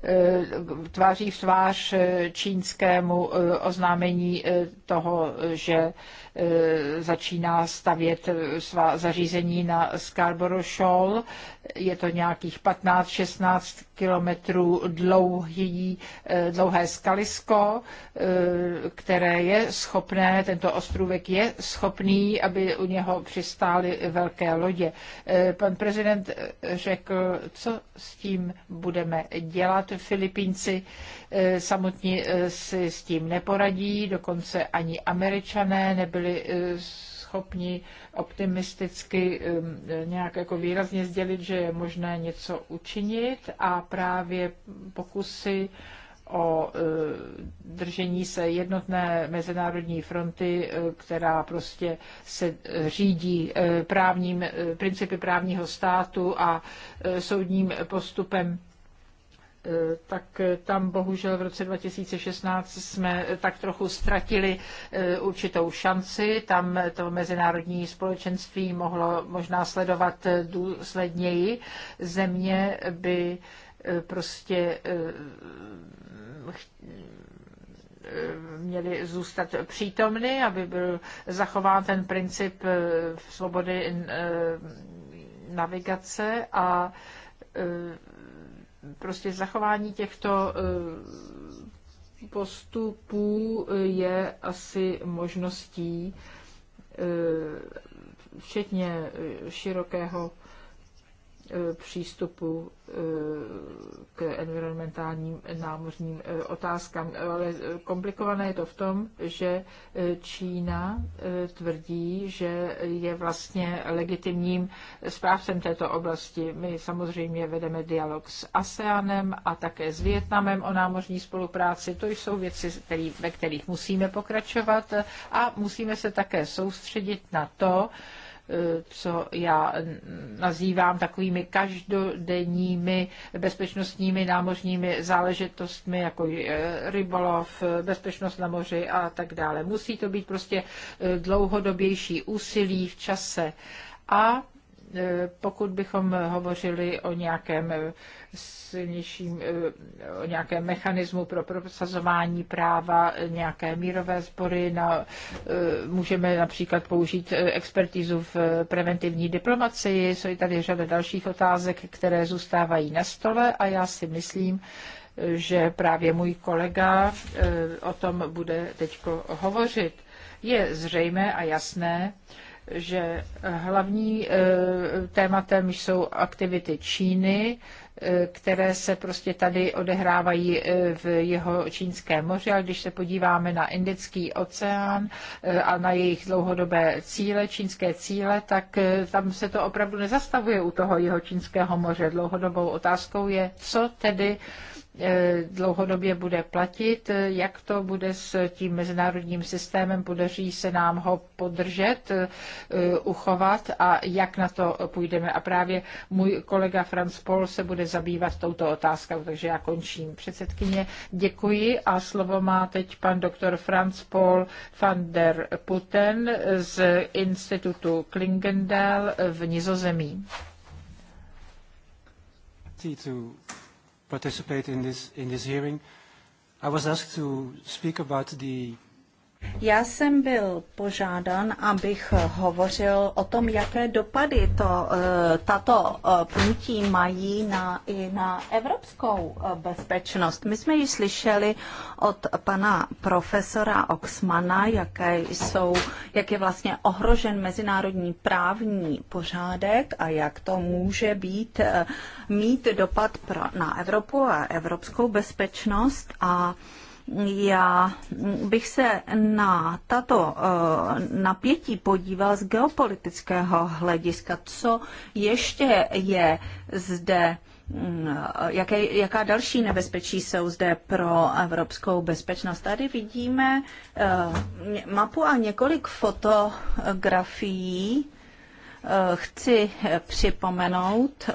Eh, tváří v tvář eh, čínskému eh, oznámení toho, že Eh, začíná stavět svá zařízení na Scarborough Shoal. Je to nějakých 15-16 kilometrů dlouhý, eh, dlouhé skalisko, eh, které je schopné, tento ostrůvek je schopný, aby u něho přistály velké lodě. Pan prezident řekl, co s tím budeme dělat. Filipínci Eh, samotní eh, si s tím neporadí, dokonce ani američané nebyli eh, schopni optimisticky nějak jako výrazně sdělit, že je možné něco učinit a právě pokusy o držení se jednotné mezinárodní fronty, která prostě se řídí právním, principy právního státu a soudním postupem Eh, tak eh, tam bohužel v roce 2016 jsme eh, tak trochu ztratili určitou šanci. Tam to mezinárodní společenství mohlo možná sledovat důsledněji. Země by prostě měli zůstat přítomny, aby byl zachován ten princip svobody navigace a prostě zachování těchto eh, postupů eh, je asi možností, eh, včetně širokého E, přístupu e, k environmentálním námořním e, otázkám. Ale komplikované je to v tom, že Čína tvrdí, že je vlastně legitimním správcem této oblasti. My samozřejmě vedeme dialog s ASEANem a také s Větnamem o námořní spolupráci. To jsou věci, ve kterých musíme pokračovat a musíme se také soustředit na to, co já nazývám takovými každodenními bezpečnostními námořními záležitostmi, jako eh, rybolov, bezpečnost na moři a tak dále. Musí to být prostě eh, dlouhodobější úsilí v čase a Eh, pokud bychom hovořili o nějakém silnějším, eh, o nějakém mechanismu pro prosazování práva, nějaké mírové spory, na, eh, můžeme například použít expertizu v preventivní diplomacii, jsou tady řada dalších otázek, které zůstávají na stole a já si myslím, že právě můj kolega o tom bude teď hovořit. Je zřejmé a jasné, že hlavní eh, tématem jsou aktivity Číny, eh, které se prostě tady odehrávají eh, v jeho čínském moři, ale když se podíváme na Indický oceán a na jejich dlouhodobé cíle, čínské cíle, tak tam se to opravdu nezastavuje u toho jeho čínského moře. Dlouhodobou otázkou je, co tedy Eh, dlouhodobě bude platit, jak to bude s tím mezinárodním systémem, podaří se nám ho podržet, eh, uchovat a jak na to půjdeme. A právě můj kolega Franz Pol se bude zabývat touto otázkou, takže já končím. Předsedkyně, děkuji a slovo má teď pan doktor Franz Paul van der Putten z Institutu Klingendal v Nizozemí. Tito participate in this, in this hearing. I was asked to speak about the já jsem byl požádán, abych hovořil o tom, jaké dopady to, eh, tato eh, pnutí mají na, i na evropskou eh, bezpečnost. My jsme ji slyšeli od pana profesora Oxmana, jaké jsou, jak je vlastně ohrožen mezinárodní právní pořádek a jak to může být, mít dopad pro, na Evropu a evropskou bezpečnost a já bych se na tato eh, napětí podíval z geopolitického hlediska, co ještě je zde mm, jaké, jaká další nebezpečí jsou zde pro evropskou bezpečnost. Tady vidíme eh, mapu a několik fotografií. Eh, chci připomenout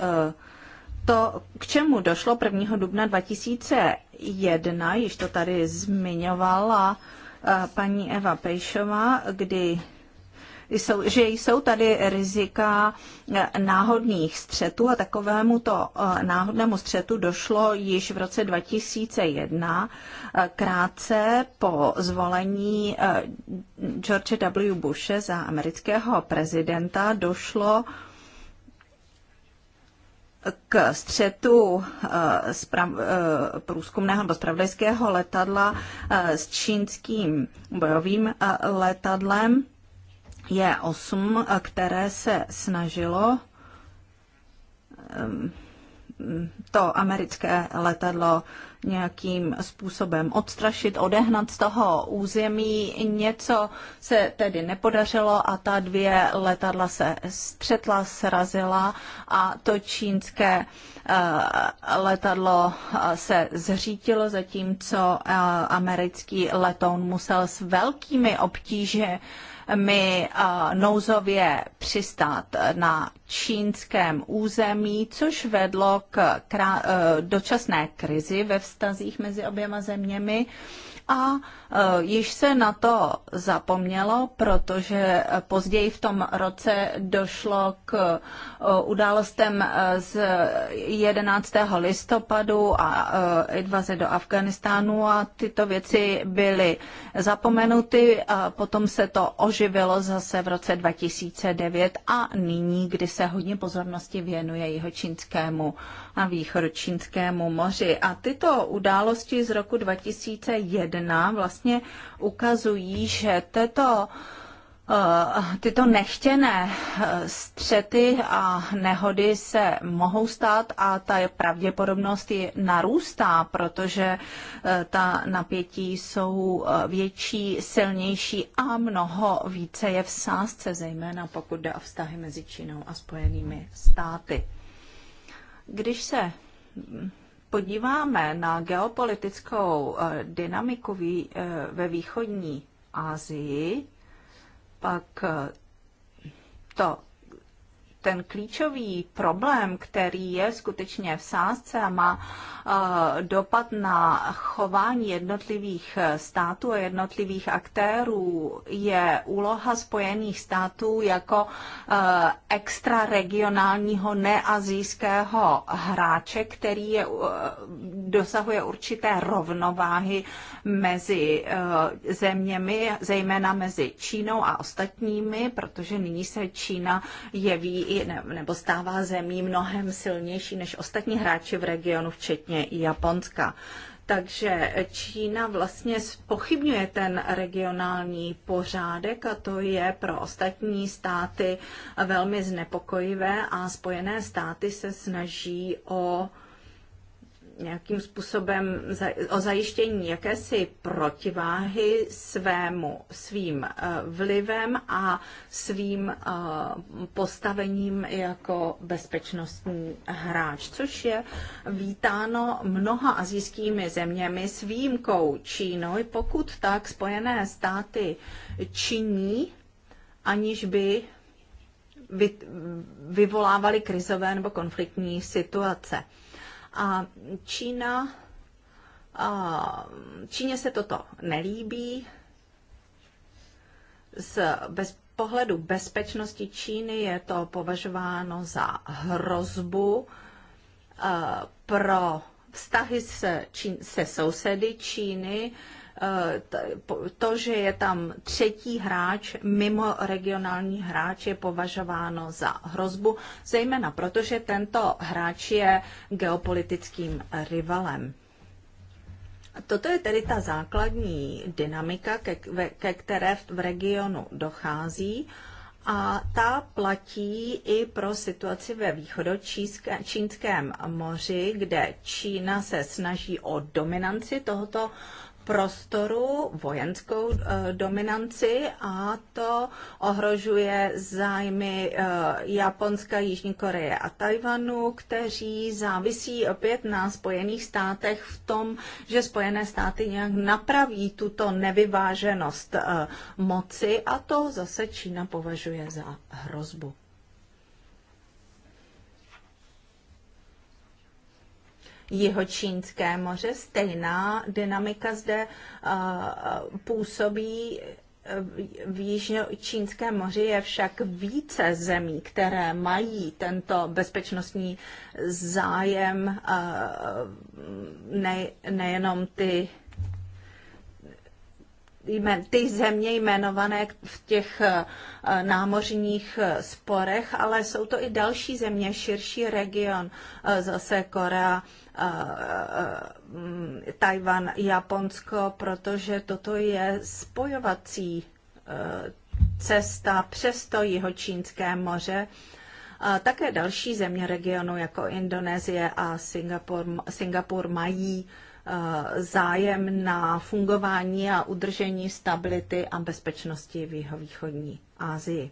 to, k čemu došlo 1. dubna 2000 jedna, již to tady zmiňovala eh, paní Eva Pejšová, kdy jsou, že jsou tady rizika eh, náhodných střetů a takovému to eh, náhodnému střetu došlo již v roce 2001, krátce po zvolení George W. Bushe za amerického prezidenta došlo k střetu eh, sprav, eh, průzkumného nebo zpravodajského letadla eh, s čínským bojovým letadlem je 8, které se snažilo ehm, to americké letadlo nějakým způsobem odstrašit, odehnat z toho území. Něco se tedy nepodařilo a ta dvě letadla se střetla, srazila a to čínské eh, letadlo eh, se zřítilo, zatímco eh, americký letoun musel s velkými obtíže my nouzově přistát na čínském území, což vedlo k e, dočasné krizi ve vztazích mezi oběma zeměmi a e, již se na to zapomnělo, protože později v tom roce došlo k e, událostem z 11. listopadu a invaze do Afganistánu a tyto věci byly zapomenuty a potom se to oživilo oživilo zase v roce 2009 a nyní, kdy se hodně pozornosti věnuje čínskému a východočínskému moři. A tyto události z roku 2001 vlastně ukazují, že této Eh, tyto nechtěné eh, střety a nehody se mohou stát a ta pravděpodobnost je narůstá, protože eh, ta napětí jsou větší, silnější a mnoho více je v sázce, zejména pokud jde o vztahy mezi Čínou a Spojenými státy. Když se mm, podíváme na geopolitickou dynamiku ve východní Asii, pak to ten klíčový problém, který je skutečně v sázce a má eh, dopad na chování jednotlivých států a jednotlivých aktérů, je úloha Spojených států jako eh, extraregionálního neazijského hráče, který je, eh, dosahuje určité rovnováhy mezi zeměmi, zejména mezi Čínou a ostatními, protože nyní se Čína jeví nebo stává zemí mnohem silnější než ostatní hráči v regionu, včetně i Japonska. Takže Čína vlastně spochybňuje ten regionální pořádek a to je pro ostatní státy velmi znepokojivé a Spojené státy se snaží o nějakým způsobem o zajištění jakési protiváhy svému, svým eh, vlivem a svým eh, postavením jako bezpečnostní hráč, což je vítáno mnoha azijskými zeměmi s výjimkou Čínou, pokud tak Spojené státy činí, aniž by vyvolávali krizové nebo konfliktní situace. A Čína, a Číně se toto nelíbí. Z bez pohledu bezpečnosti Číny je to považováno za hrozbu e, pro vztahy se, Čín, se sousedy Číny to, že je tam třetí hráč mimo regionální hráč, je považováno za hrozbu, zejména protože tento hráč je geopolitickým rivalem. Toto je tedy ta základní dynamika, ke, ke které v regionu dochází a ta platí i pro situaci ve východočínském moři, kde Čína se snaží o dominanci tohoto prostoru vojenskou eh, dominanci a to ohrožuje zájmy eh, Japonska, Jižní Koreje a Tajvanu, kteří závisí opět na Spojených státech v tom, že Spojené státy nějak napraví tuto nevyváženost eh, moci a to zase Čína považuje za hrozbu. Jihočínské moře. Stejná dynamika zde eh, působí eh, v Jižčínském moři je však více zemí, které mají tento bezpečnostní zájem, eh, ne, nejenom ty ty země jmenované v těch eh, námořních eh, sporech, ale jsou to i další země, širší region, eh, zase Korea, mm, Tajvan, Japonsko, protože toto je spojovací cesta přes to jihočínské moře. A také další země regionu jako Indonésie a Singapur, Singapur mají uh, Eh, zájem na fungování a udržení stability a bezpečnosti v jihovýchodní Asii.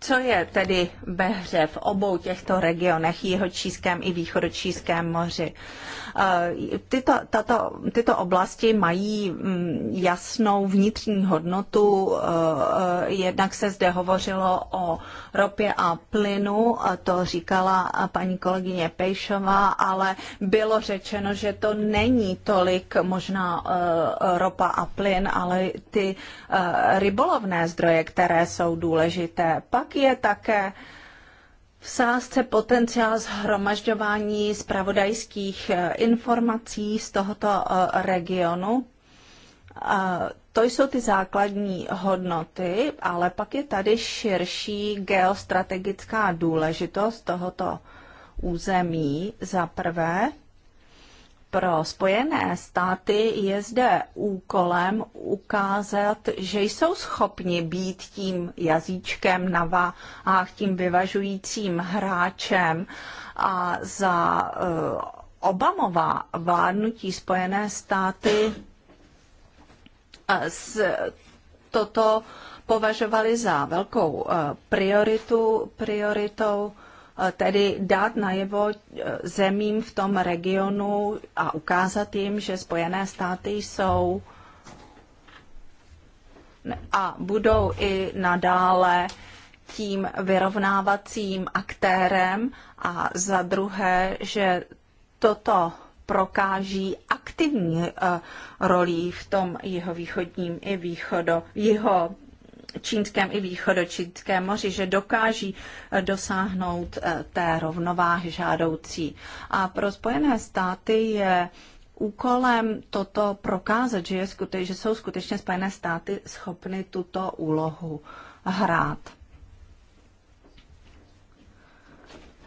Co je tedy ve hře v obou těchto regionech, Jihočíském i Východočíském moři? Eh, tyto, tato, tyto oblasti mají mm, jasnou vnitřní hodnotu. Eh, eh, jednak se zde hovořilo o ropě a plynu, to říkala paní kolegyně Pejšová, ale bylo řečeno, že to není tolik možná ropa a plyn, ale ty rybolovné zdroje, které jsou důležité pak je také v sázce potenciál zhromažďování zpravodajských eh, informací z tohoto eh, regionu. To jsou ty základní hodnoty, ale pak je tady širší geostrategická důležitost tohoto území. Za prvé, pro Spojené státy je zde úkolem ukázat, že jsou schopni být tím jazyčkem na váhách, tím vyvažujícím hráčem a za uh, eh, Obamova vládnutí Spojené státy eh, s toto považovali za velkou eh, prioritu, prioritou Eh, tedy dát najevo eh, zemím v tom regionu a ukázat jim, že Spojené státy jsou a budou i nadále tím vyrovnávacím aktérem a za druhé, že toto prokáží aktivní eh, rolí v tom jihovýchodním i východo, jiho Čínském i Východočínském moři, že dokáží eh, dosáhnout eh, té rovnováhy žádoucí. A pro Spojené státy je úkolem toto prokázat, že, je skute- že jsou skutečně Spojené státy schopny tuto úlohu hrát.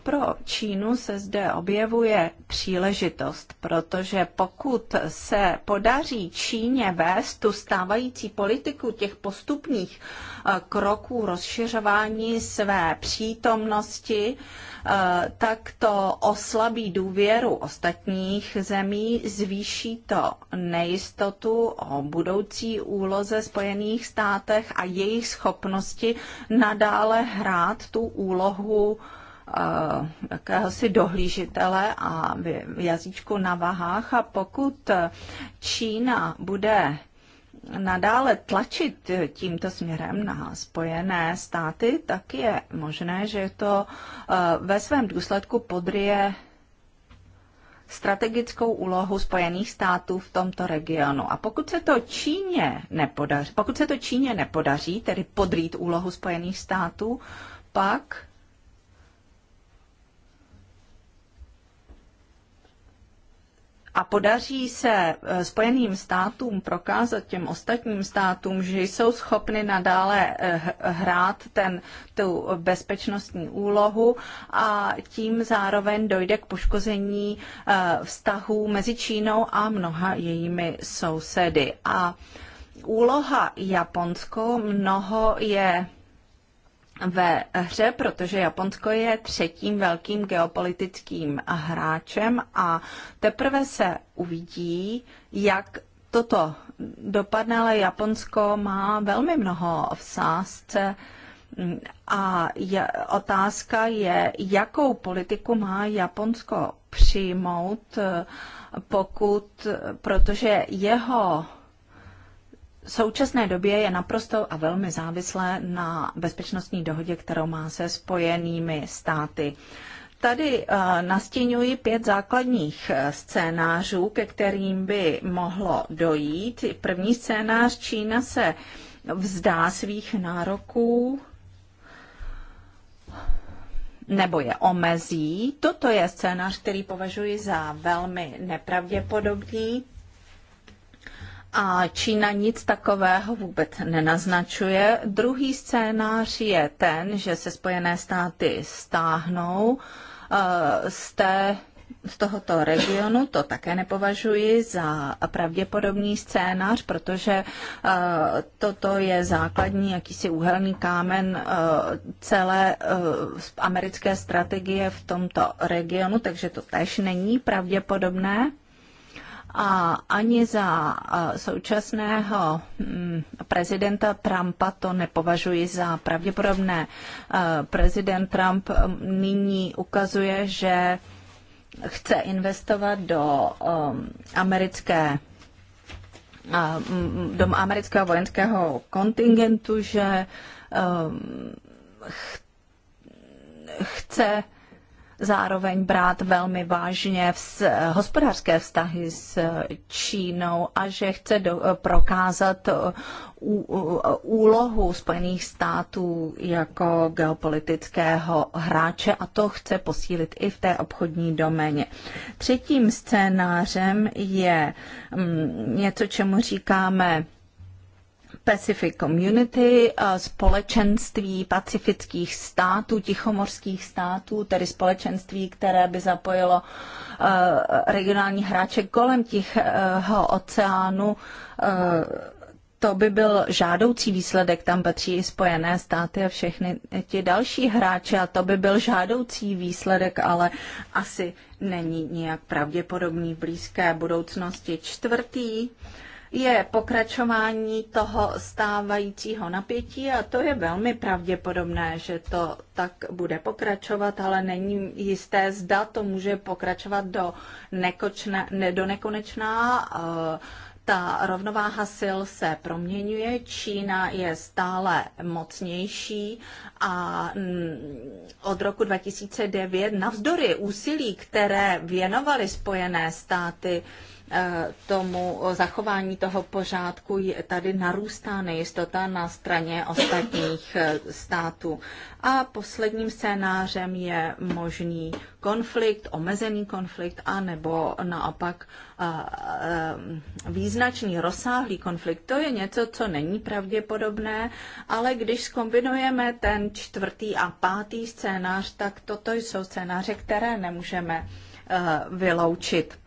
Pro Čínu se zde objevuje příležitost, protože pokud se podaří Číně vést tu stávající politiku těch postupných eh, kroků rozšiřování své přítomnosti, eh, tak to oslabí důvěru ostatních zemí, zvýší to nejistotu o budoucí úloze Spojených státech a jejich schopnosti nadále hrát tu úlohu eh, Eh, jakéhosi dohlížitele a jazyčku na vahách a pokud Čína bude nadále tlačit tímto směrem na Spojené státy, tak je možné, že to eh, ve svém důsledku podryje strategickou úlohu Spojených států v tomto regionu. A pokud se to Číně nepodaří, pokud se to Číně nepodaří, tedy podrýt úlohu Spojených států, pak a podaří se eh, Spojeným státům prokázat těm ostatním státům, že jsou schopny nadále eh, hrát ten, tu bezpečnostní úlohu a tím zároveň dojde k poškození eh, vztahů mezi Čínou a mnoha jejími sousedy. A úloha Japonsko mnoho je ve hře, protože Japonsko je třetím velkým geopolitickým hráčem a teprve se uvidí, jak toto dopadne, ale Japonsko má velmi mnoho v sázce. A je, otázka je, jakou politiku má Japonsko přijmout, eh, pokud, protože jeho v současné době je naprosto a velmi závislé na bezpečnostní dohodě, kterou má se spojenými státy. Tady eh, nastěňuji pět základních eh, scénářů, ke kterým by mohlo dojít. První scénář Čína se vzdá svých nároků nebo je omezí. Toto je scénář, který považuji za velmi nepravděpodobný a Čína nic takového vůbec nenaznačuje. Druhý scénář je ten, že se Spojené státy stáhnou eh, z té z tohoto regionu, to také nepovažuji za pravděpodobný scénář, protože uh, toto je základní jakýsi úhelný kámen uh, celé uh, americké strategie v tomto regionu, takže to tež není pravděpodobné. A ani za současného mm, prezidenta Trumpa to nepovažuji za pravděpodobné. Prezident Trump mm, nyní ukazuje, že chce investovat do um, americké mm, do amerického vojenského kontingentu, že um, chce zároveň brát velmi vážně v hospodářské vztahy s Čínou a že chce do, prokázat úlohu Spojených států jako geopolitického hráče a to chce posílit i v té obchodní doméně. Třetím scénářem je mm, něco, čemu říkáme Pacific Community, eh, společenství pacifických států, tichomorských států, tedy společenství, které by zapojilo eh, regionální hráče kolem Tichého oceánu. Eh, to by byl žádoucí výsledek, tam patří i Spojené státy a všechny ti další hráče, a to by byl žádoucí výsledek, ale asi není nijak pravděpodobný v blízké budoucnosti. Čtvrtý je pokračování toho stávajícího napětí a to je velmi pravděpodobné, že to tak bude pokračovat, ale není jisté, zda to může pokračovat do, nekočne, ne, do nekonečná. Eh, ta rovnováha sil se proměňuje, Čína je stále mocnější a mm, od roku 2009 navzdory úsilí, které věnovaly Spojené státy, tomu zachování toho pořádku je tady narůstá nejistota na straně ostatních eh, států. A posledním scénářem je možný konflikt, omezený konflikt, a nebo naopak eh, eh, význačný, rozsáhlý konflikt. To je něco, co není pravděpodobné, ale když skombinujeme ten čtvrtý a pátý scénář, tak toto jsou scénáře, které nemůžeme vyloučit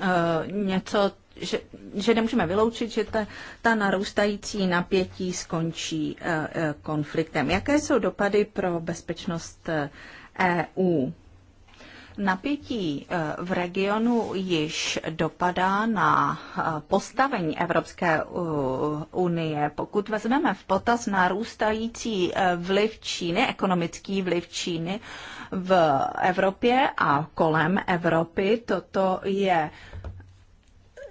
Eh, něco, že, že nemůžeme vyloučit, že ta, ta narůstající napětí skončí eh, eh, konfliktem. Jaké jsou dopady pro bezpečnost EU? E napětí v regionu již dopadá na postavení Evropské unie. Pokud vezmeme v potaz narůstající vliv Číny, ekonomický vliv Číny v Evropě a kolem Evropy. Toto je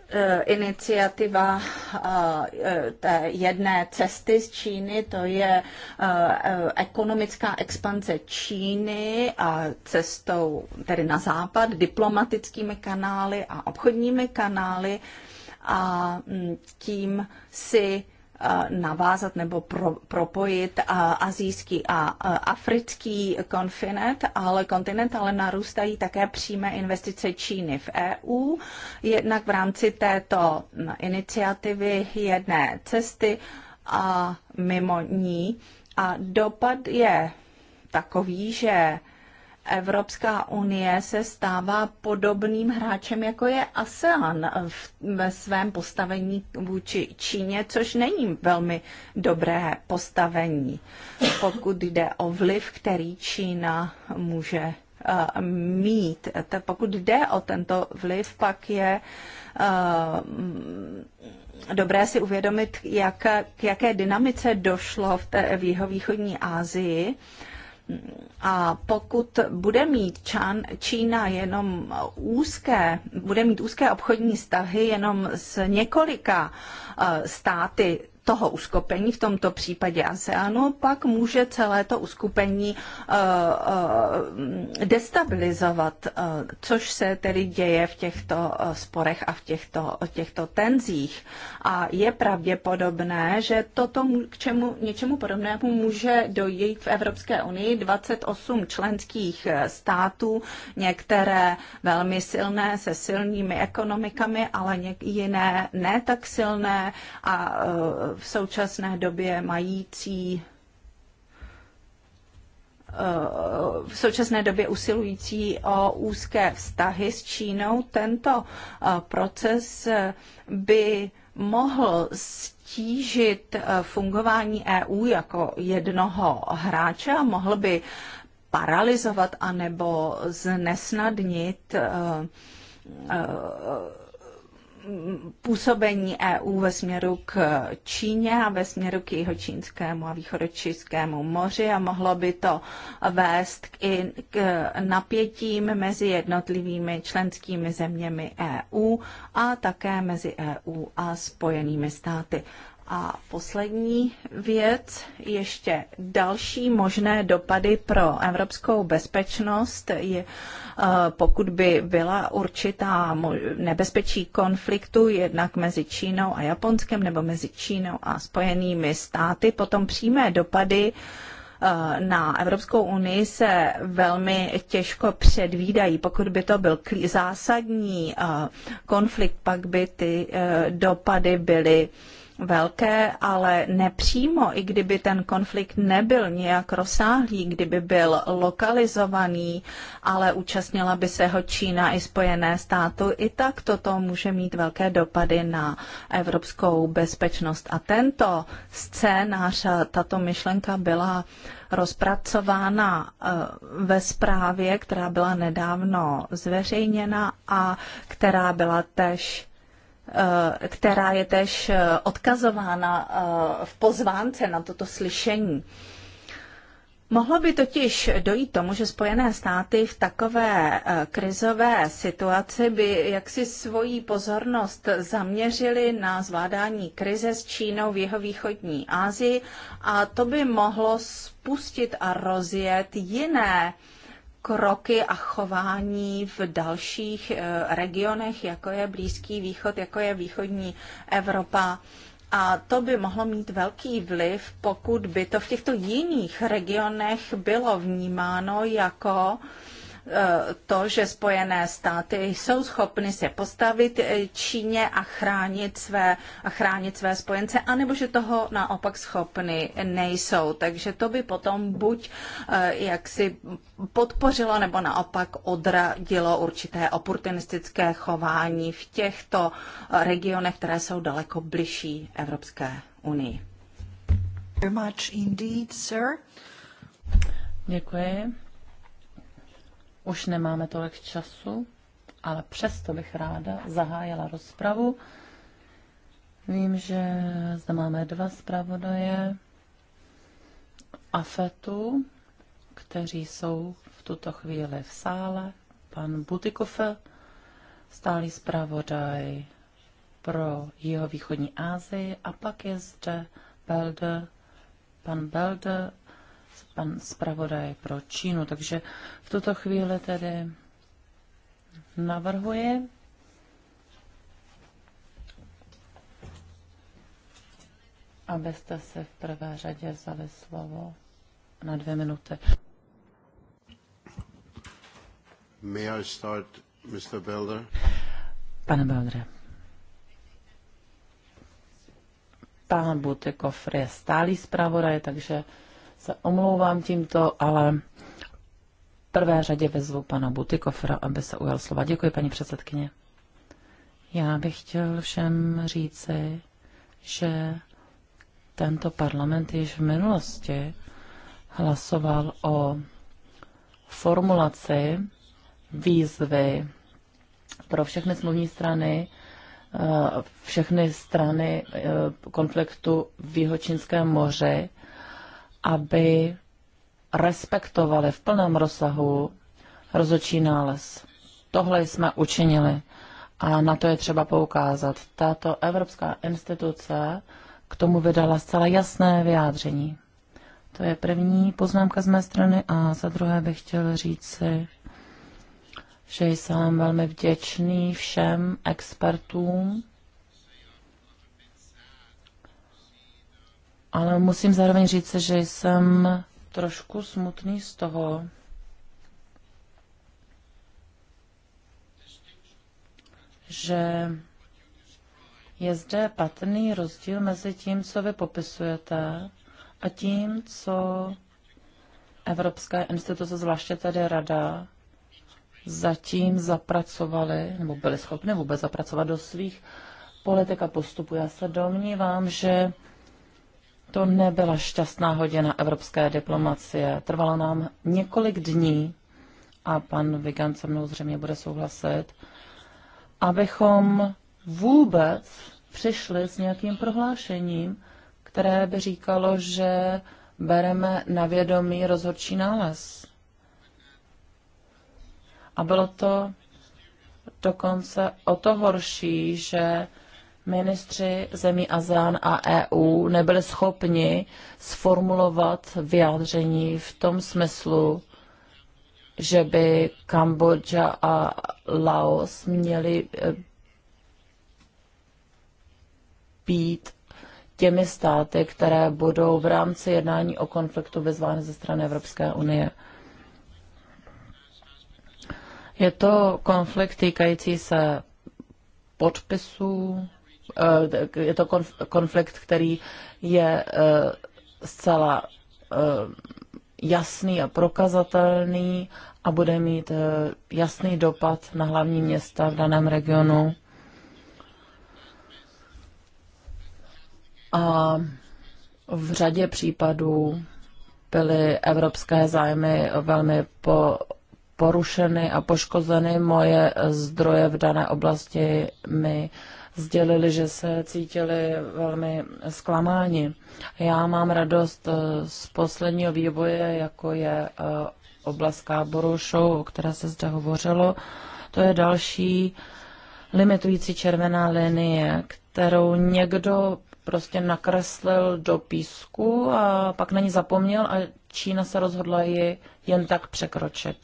e, iniciativa e, té jedné cesty z Číny, to je e, ekonomická expanze Číny a cestou tedy na západ, diplomatickými kanály a obchodními kanály a mm, tím si navázat nebo pro, propojit azijský a africký kontinent, ale kontinent, ale narůstají také přímé investice Číny v EU. Jednak v rámci této iniciativy jedné cesty a mimo ní. A dopad je takový, že Evropská unie se stává podobným hráčem, jako je ASEAN v, ve svém postavení vůči Číně, což není velmi dobré postavení, pokud jde o vliv, který Čína může uh, mít. pokud jde o tento vliv, pak je uh, dobré si uvědomit, jak, k jaké dynamice došlo v, té, v jihovýchodní Asii. Uh, a pokud bude mít Čán, Čína jenom úzké, bude mít úzké obchodní stahy jenom s několika eh, státy, toho uskupení, v tomto případě ASEANu, pak může celé to uskupení eh, eh, destabilizovat, eh, což se tedy děje v těchto sporech a v těchto, těchto tenzích. A je pravděpodobné, že toto k čemu, něčemu podobnému může dojít v Evropské unii 28 členských států, některé velmi silné se silnými ekonomikami, ale jiné ne tak silné a v současné době mající eh, v současné době usilující o úzké vztahy s Čínou. Tento eh, proces eh, by mohl stížit fungování EU jako jednoho hráče a mohl by paralizovat anebo znesnadnit působení EU ve směru k Číně a ve směru k jeho čínskému a východočínskému moři a mohlo by to vést k, i k napětím mezi jednotlivými členskými zeměmi EU a také mezi EU a spojenými státy. A poslední věc, ještě další možné dopady pro evropskou bezpečnost, je, eh, pokud by byla určitá nebezpečí konfliktu jednak mezi Čínou a Japonskem nebo mezi Čínou a Spojenými státy, potom přímé dopady eh, na Evropskou unii se velmi těžko předvídají. Pokud by to byl zásadní eh, konflikt, pak by ty dopady byly velké, ale nepřímo, i kdyby ten konflikt nebyl nějak rozsáhlý, kdyby byl lokalizovaný, ale účastnila by se ho Čína i Spojené státy, i tak toto může mít velké dopady na evropskou bezpečnost. A tento scénář, tato myšlenka byla rozpracována eh, ve zprávě, která byla nedávno zveřejněna a která byla tež Eh, která je též eh, odkazována eh, v pozvánce na toto slyšení. Mohlo by totiž dojít tomu, že Spojené státy v takové krizové situaci by jaksi svoji pozornost zaměřili na zvládání krize s Čínou v jeho východní Asii a to by mohlo spustit a rozjet jiné kroky a chování v dalších eh, regionech, jako je Blízký východ, jako je východní Evropa. A to by mohlo mít velký vliv, pokud by to v těchto jiných regionech bylo vnímáno jako uh, to, že Spojené státy jsou schopny se postavit eh, Číně a chránit své, a chránit své spojence, anebo že toho naopak schopny nejsou. Takže to by potom buď eh, jaksi podpořilo nebo naopak odradilo určité oportunistické chování v těchto eh, regionech, které jsou daleko bližší Evropské unii. Very much indeed, sir. Děkuji. Už nemáme tolik času, ale přesto bych ráda zahájila rozpravu. Vím, že zde máme dva zpravodaje AFETu, kteří jsou v tuto chvíli v sále. Pan Butikofe, stálý zpravodaj pro jeho východní Asii a pak je zde Belde, pan Belde pan zpravodaj pro Čínu. Takže v tuto chvíli tedy navrhuje, abyste se v prvé řadě vzali slovo na dvě minuty. May I start, Mr. Belder? Pane Belder. pán Butikov je stálý zpravodaj, takže se omlouvám tímto, ale v prvé řadě vezvu pana Butikofra, aby se ujal slova. Děkuji, paní předsedkyně. Já bych chtěl všem říci, že tento parlament již v minulosti hlasoval o formulaci výzvy pro všechny smluvní strany, eh, všechny strany eh, konfliktu v Jihočínském moři, aby respektovali v plném rozsahu rozhodčí nález. Tohle jsme učinili a na to je třeba poukázat. Tato evropská instituce k tomu vydala zcela jasné vyjádření. To je první poznámka z mé strany a za druhé bych chtěl říci, že jsem velmi vděčný všem expertům, Ale musím zároveň říct, že jsem trošku smutný z toho, že je zde patrný rozdíl mezi tím, co vy popisujete, a tím, co evropské instituce, zvláště tedy rada, zatím zapracovali, nebo byli schopni vůbec zapracovat do svých politik a postupů. Já se domnívám, že to nebyla šťastná hodina evropské diplomacie. Trvalo nám několik dní a pan Vigan se mnou zřejmě bude souhlasit, abychom vůbec přišli s nějakým prohlášením, které by říkalo, že bereme na vědomí rozhodčí nález. A bylo to dokonce o to horší, že ministři zemí ASEAN a EU nebyli schopni sformulovat vyjádření v tom smyslu, že by Kambodža a Laos měli eh, být těmi státy, které budou v rámci jednání o konfliktu vyzvány ze strany Evropské unie. Je to konflikt týkající se podpisů, Eh, je to konflikt, který je eh, zcela eh, jasný a prokazatelný a bude mít jasný dopad na hlavní města v daném regionu. A v řadě případů byly evropské zájmy velmi po, porušeny a poškozeny. Moje zdroje v dané oblasti mi uh, sdělili, že se cítili velmi zklamáni. Já mám radost eh, z posledního výboje, jako je eh, oblast Káboru show, o které se zde hovořilo. To je další limitující červená linie, kterou někdo prostě nakreslil do písku a pak na ní zapomněl a Čína se rozhodla ji jen tak překročit.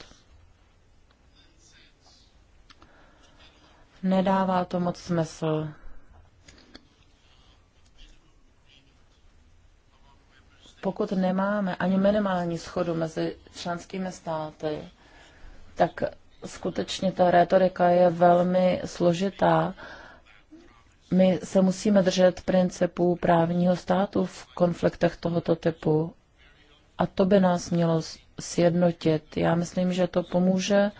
Nedává to moc smysl. Pokud nemáme ani minimální schodu mezi členskými státy, tak skutečně ta retorika je velmi složitá. My se musíme držet principů právního státu v konfliktech tohoto typu a to by nás mělo sjednotit. Já myslím, že to pomůže.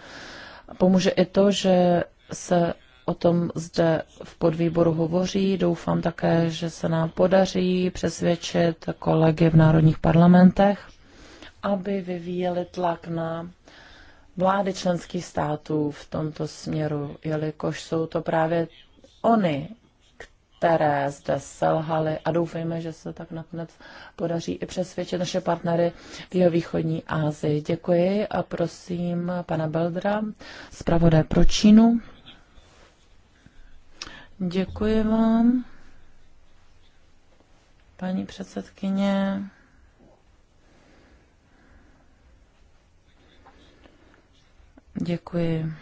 Pomůže i to, že se o tom zde v podvýboru hovoří. Doufám také, že se nám podaří přesvědčit kolegy v národních parlamentech, aby vyvíjeli tlak na vlády členských států v tomto směru, jelikož jsou to právě oni, které zde selhaly a doufejme, že se tak nakonec podaří i přesvědčit naše partnery v jeho východní Asii. Děkuji a prosím pana Beldra, zpravodaj pro Čínu. Děkuji vám. Paní předsedkyně, děkuji.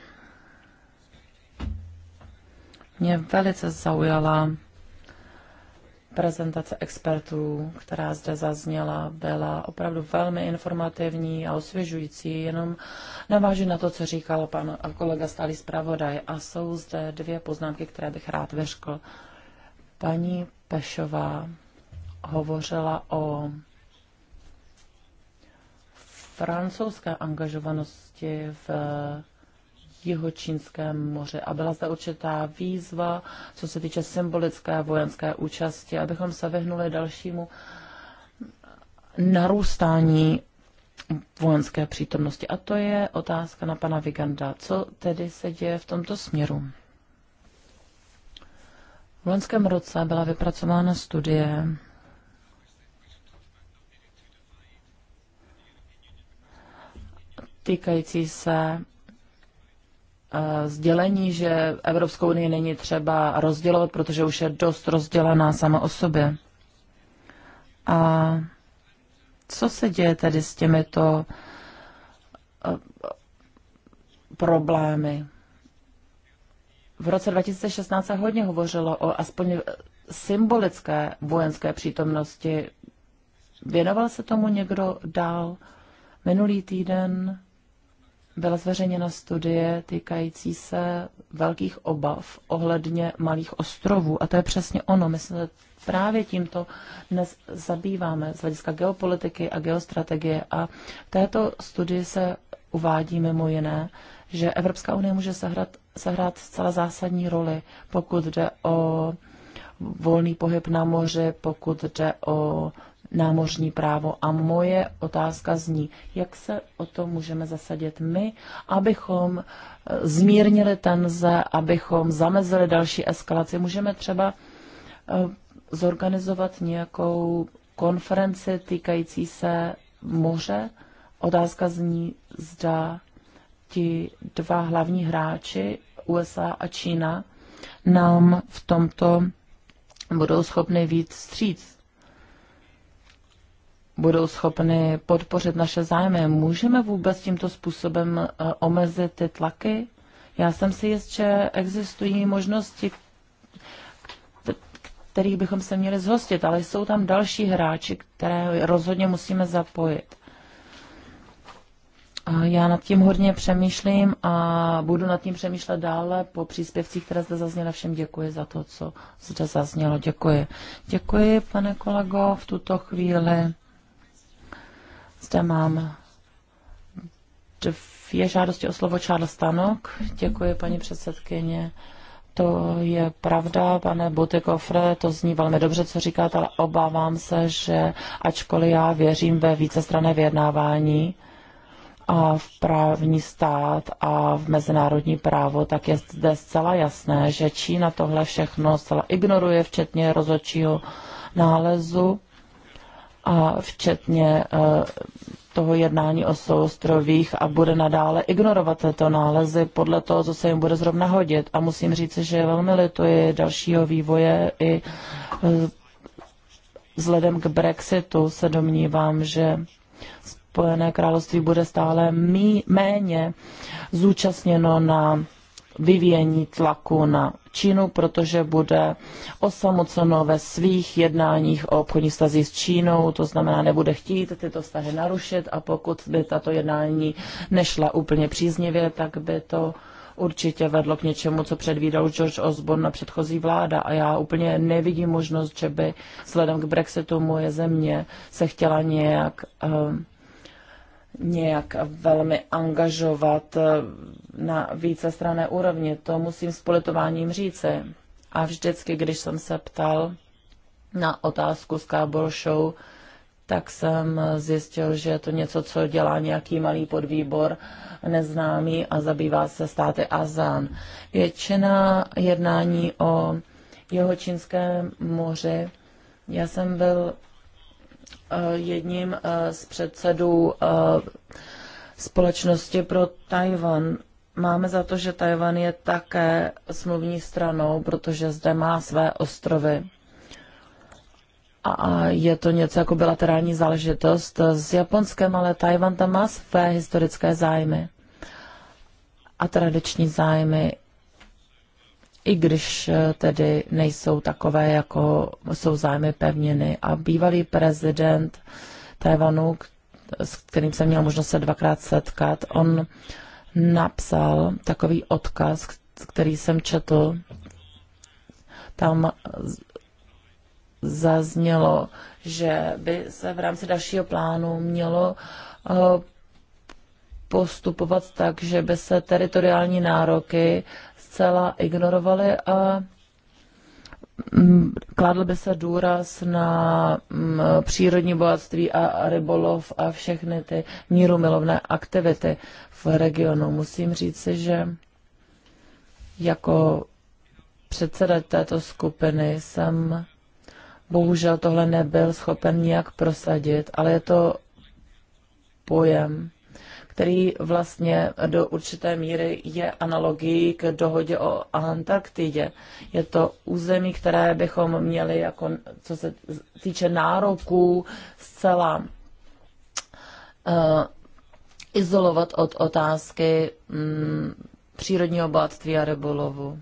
Mě velice zaujala Prezentace expertů, která zde zazněla, byla opravdu velmi informativní a osvěžující. Jenom navážu na to, co říkal pan kolega stálý zpravodaj. A jsou zde dvě poznámky, které bych rád vyřkl. Paní Pešová hovořila o francouzské angažovanosti v Jihočínském moře A byla zde určitá výzva, co se týče symbolické vojenské účasti, abychom se vyhnuli dalšímu narůstání vojenské přítomnosti. A to je otázka na pana Viganda. Co tedy se děje v tomto směru? V loňském roce byla vypracována studie týkající se Eh, sdělení, že Evropskou unii není třeba rozdělovat, protože už je dost rozdělená sama o sobě. A co se děje tedy s těmito eh, problémy? V roce 2016 se hodně hovořilo o aspoň symbolické vojenské přítomnosti. Věnoval se tomu někdo dál? Minulý týden byla zveřejněna studie týkající se velkých obav ohledně malých ostrovů. A to je přesně ono. My se právě tímto dnes zabýváme z hlediska geopolitiky a geostrategie. A v této studii se uvádí mimo jiné, že Evropská unie může sehrát, sehrát zcela zásadní roli, pokud jde o volný pohyb na moři, pokud jde o námořní právo. A moje otázka zní, jak se o to můžeme zasadit my, abychom eh, zmírnili tenze, abychom zamezili další eskalaci. Můžeme třeba eh, zorganizovat nějakou konferenci týkající se moře. Otázka zní, zda ti dva hlavní hráči, USA a Čína, nám v tomto budou schopny víc stříct budou schopny podpořit naše zájmy. Můžeme vůbec tímto způsobem eh, omezit ty tlaky? Já jsem si jist, že existují možnosti, kterých bychom se měli zhostit, ale jsou tam další hráči, které rozhodně musíme zapojit. Já nad tím hodně přemýšlím a budu nad tím přemýšlet dále po příspěvcích, které zde zazněly. Všem děkuji za to, co zde zaznělo. Děkuji. Děkuji, pane kolego, v tuto chvíli. Zde mám dvě žádosti o slovo Charles Stanok. Děkuji, paní předsedkyně. To je pravda, pane Butikofre, to zní velmi dobře, co říkáte, ale obávám se, že ačkoliv já věřím ve vícestrané vyjednávání a v právní stát a v mezinárodní právo, tak je zde zcela jasné, že Čína tohle všechno zcela ignoruje, včetně rozhodčího nálezu a včetně eh, toho jednání o soustrovích a bude nadále ignorovat tyto nálezy podle toho, co se jim bude zrovna hodit. A musím říct, že velmi lituji dalšího vývoje i eh, vzhledem k Brexitu se domnívám, že Spojené království bude stále mí, méně zúčastněno na vyvíjení tlaku na Čínu, protože bude osamoceno ve svých jednáních o obchodních stazích s Čínou, to znamená nebude chtít tyto vztahy narušit a pokud by tato jednání nešla úplně příznivě, tak by to určitě vedlo k něčemu, co předvídal George Osborne na předchozí vláda a já úplně nevidím možnost, že by vzhledem k Brexitu moje země se chtěla nějak uh, nějak velmi angažovat eh, na strané úrovni. To musím s politováním říci. A vždycky, když jsem se ptal na otázku s Kábor Show, tak jsem zjistil, že je to něco, co dělá nějaký malý podvýbor neznámý a zabývá se státy Azán. Většina jednání o jeho čínském moři. Já jsem byl Eh, jedním eh, z předsedů eh, společnosti pro Tajvan. Máme za to, že Tajvan je také smluvní stranou, protože zde má své ostrovy. A je to něco jako bilaterální záležitost s Japonskem, ale Tajvan tam má své historické zájmy a tradiční zájmy i když eh, tedy nejsou takové, jako jsou zájmy pevněny A bývalý prezident Tajvanu, s kterým jsem měl možnost se dvakrát setkat, on napsal takový odkaz, který jsem četl. Tam zaznělo, že by se v rámci dalšího plánu mělo eh, postupovat tak, že by se teritoriální nároky zcela ignorovaly a mm, kladl by se důraz na mm, přírodní bohatství a rybolov a všechny ty mírumilovné aktivity v regionu. Musím si, že jako předseda této skupiny jsem bohužel tohle nebyl schopen nijak prosadit, ale je to pojem, který vlastně do určité míry je analogií k dohodě o Antarktidě. Je to území, které bychom měli, jako, co se týče nároků, zcela uh, izolovat od otázky um, přírodního bohatství a rybolovu.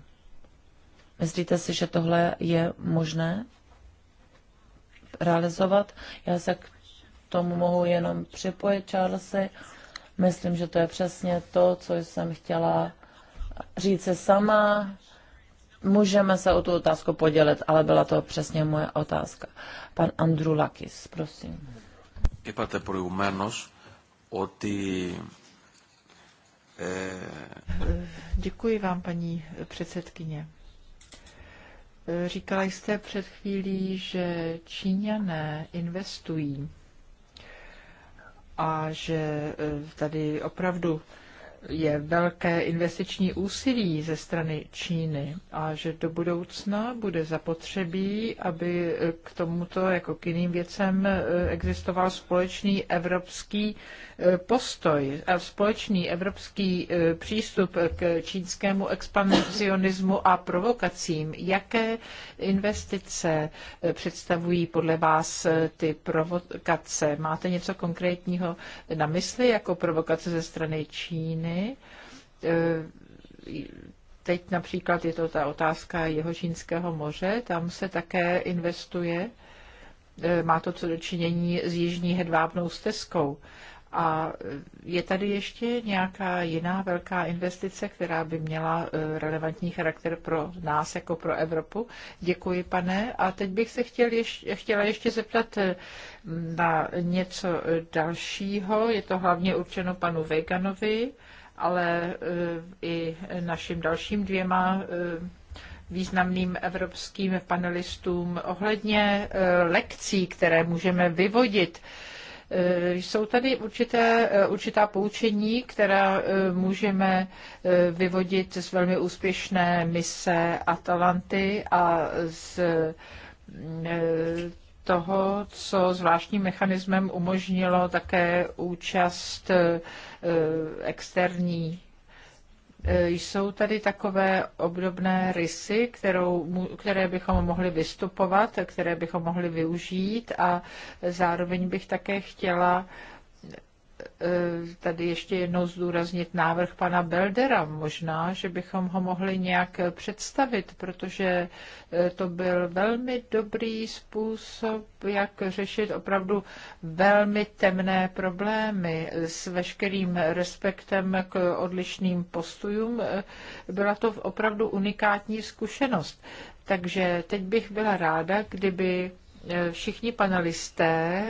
Myslíte si, že tohle je možné realizovat? Já se k tomu mohu jenom připojit, Charlesy. Myslím, že to je přesně to, co jsem chtěla říct se sama. Můžeme se o tu otázku podělit, ale byla to přesně moje otázka. Pan Andru Lakis, prosím. Είπατε o ότι Děkuji vám, paní předsedkyně. Říkala jste před chvílí, že Číňané investují a že eh, tady opravdu je velké investiční úsilí ze strany Číny a že do budoucna bude zapotřebí, aby k tomuto jako k jiným věcem eh, existoval společný evropský eh, postoj a společný evropský eh, přístup k čínskému expansionismu a provokacím. Jaké investice představují podle vás ty provokace? Máte něco konkrétního na mysli jako provokace ze strany Číny? Číny. E, teď například je to ta otázka Jihočínského moře, tam se také investuje. E, má to co dočinění s jižní hedvábnou stezkou. A je tady ještě nějaká jiná velká investice, která by měla e, relevantní charakter pro nás jako pro Evropu? Děkuji, pane. A teď bych se chtěl ještě, chtěla ještě zeptat na něco dalšího. Je to hlavně určeno panu Veganovi ale eh, i našim dalším dvěma eh, významným evropským panelistům ohledně eh, lekcí, které můžeme vyvodit. Jsou tady určité, určitá poučení, která můžeme vyvodit z velmi úspěšné mise Atalanty a z toho, co zvláštním mechanismem umožnilo také účast eh, externí eh, jsou tady takové obdobné rysy, kterou, které bychom mohli vystupovat, které bychom mohli využít a zároveň bych také chtěla Eh, tady ještě jednou zdůraznit návrh pana Beldera. Možná, že bychom ho mohli nějak představit, protože eh, to byl velmi dobrý způsob, jak řešit opravdu velmi temné problémy s veškerým respektem k odlišným postojům. Eh, byla to opravdu unikátní zkušenost. Takže teď bych byla ráda, kdyby všichni panelisté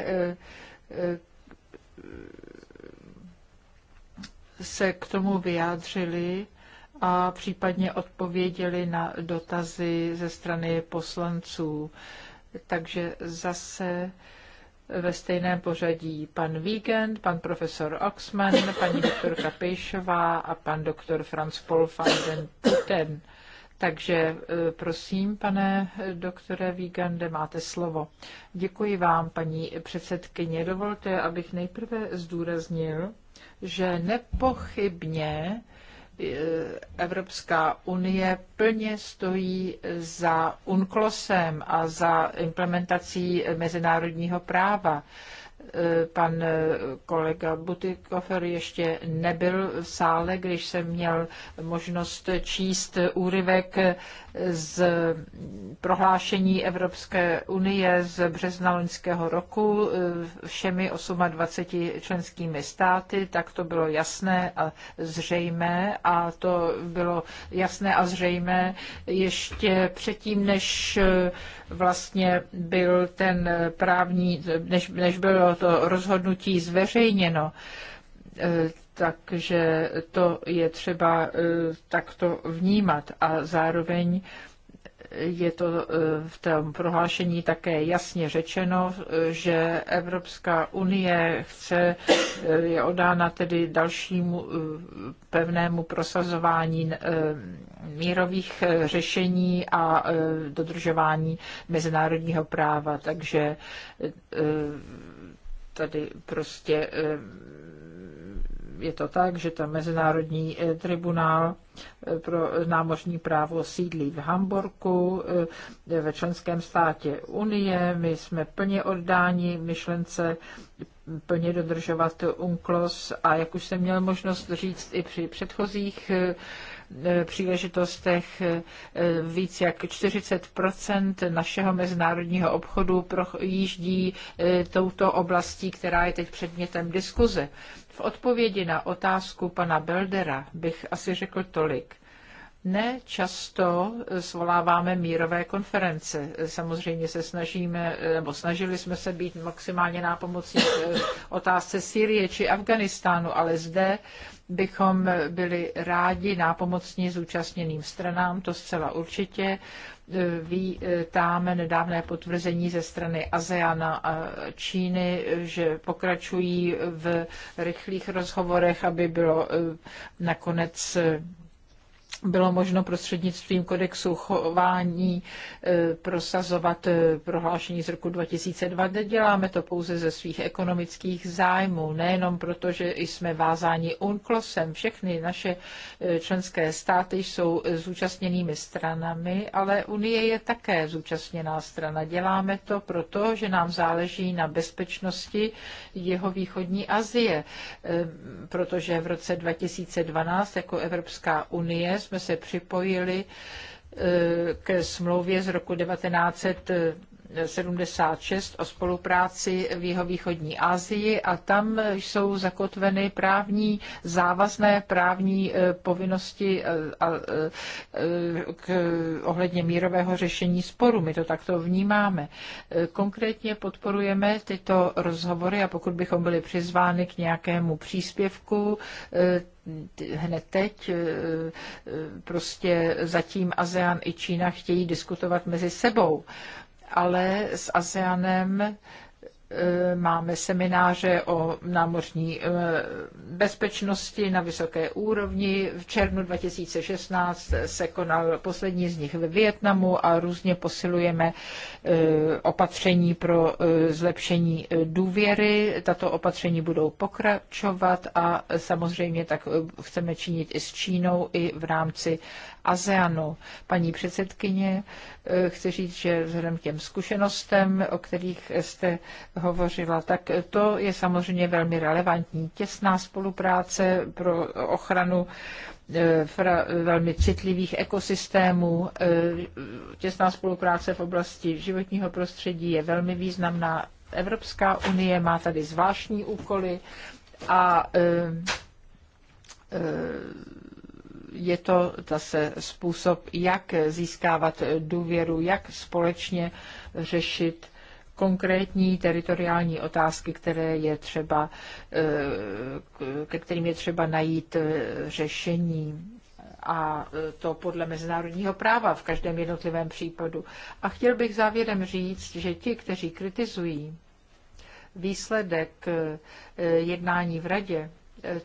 se k tomu vyjádřili a případně odpověděli na dotazy ze strany poslanců. Takže zase ve stejném pořadí pan Wiegand, pan profesor Oxman, paní doktorka Pejšová a pan doktor Franz Paul van den Putten. Takže e, prosím, pane doktore Vígande, máte slovo. Děkuji vám, paní předsedkyně. Dovolte, abych nejprve zdůraznil, že nepochybně eh, Evropská unie plně stojí za UNCLOSem a za implementací mezinárodního práva. Eh, pan eh, kolega Butikofer ještě nebyl v sále, když jsem měl možnost číst úryvek z prohlášení Evropské unie z března loňského roku eh, všemi 28 členskými státy, tak to bylo jasné a zřejmé a to bylo jasné a zřejmé ještě předtím, než vlastně byl ten právní, než, než bylo to rozhodnutí zveřejněno, eh, takže to je třeba eh, takto vnímat a zároveň je to e, v tom prohlášení také jasně řečeno, e, že Evropská unie chce, e, je odána tedy dalšímu pevnému prosazování mírových řešení a dodržování mezinárodního práva. Takže tady prostě je to tak, že ten Mezinárodní eh, tribunál eh, pro námořní právo sídlí v Hamburgu eh, ve členském státě Unie. My jsme plně oddáni myšlence plně dodržovat UNCLOS a jak už jsem měl možnost říct i při předchozích eh, příležitostech eh, víc jak 40 našeho mezinárodního obchodu projíždí eh, touto oblastí, která je teď předmětem diskuze. V odpovědi na otázku pana Beldera bych asi řekl tolik ne často svoláváme mírové konference. Samozřejmě se snažíme, nebo snažili jsme se být maximálně nápomocní eh, otázce Sýrie či Afganistánu, ale zde bychom byli rádi nápomocní zúčastněným stranám, to zcela určitě. Eh, Vítáme nedávné potvrzení ze strany ASEANa a Číny, že pokračují v rychlých rozhovorech, aby bylo eh, nakonec bylo možno prostřednictvím kodexu chování eh, prosazovat eh, prohlášení z roku 2002. Neděláme to pouze ze svých ekonomických zájmů, nejenom proto, že jsme vázáni UNCLOSem. Všechny naše eh, členské státy jsou zúčastněnými stranami, ale Unie je také zúčastněná strana. Děláme to proto, že nám záleží na bezpečnosti jeho východní Azie, protože v roce 2012 jako Evropská unie jsme se připojili eh, ke smlouvě z roku 1900 76 o spolupráci v východní Asii a tam jsou zakotveny právní závazné právní e, povinnosti e, a, e, k, ohledně mírového řešení sporu. My to takto vnímáme. Konkrétně podporujeme tyto rozhovory a pokud bychom byli přizváni k nějakému příspěvku, hned teď. Prostě zatím ASEAN i Čína chtějí diskutovat mezi sebou ale s ASEANem eh, máme semináře o námořní eh, bezpečnosti na vysoké úrovni. V červnu 2016 se konal poslední z nich ve Vietnamu a různě posilujeme eh, opatření pro zlepšení důvěry. Tato opatření budou pokračovat a samozřejmě tak chceme činit i s Čínou, i v rámci ASEANu. Paní předsedkyně, eh, chci říct, že vzhledem k těm zkušenostem, o kterých jste hovořila, tak to je samozřejmě velmi relevantní. Těsná spolupráce pro ochranu eh, velmi citlivých ekosystémů. Eh, těsná spolupráce v oblasti životního prostředí je velmi významná. Evropská unie má tady zvláštní úkoly a je to zase způsob, jak získávat důvěru, jak společně řešit konkrétní teritoriální otázky, které je třeba, eh, ke kterým je třeba najít eh, řešení a eh, to podle mezinárodního práva v každém jednotlivém případu. A chtěl bych závěrem říct, že ti, kteří kritizují výsledek jednání v radě,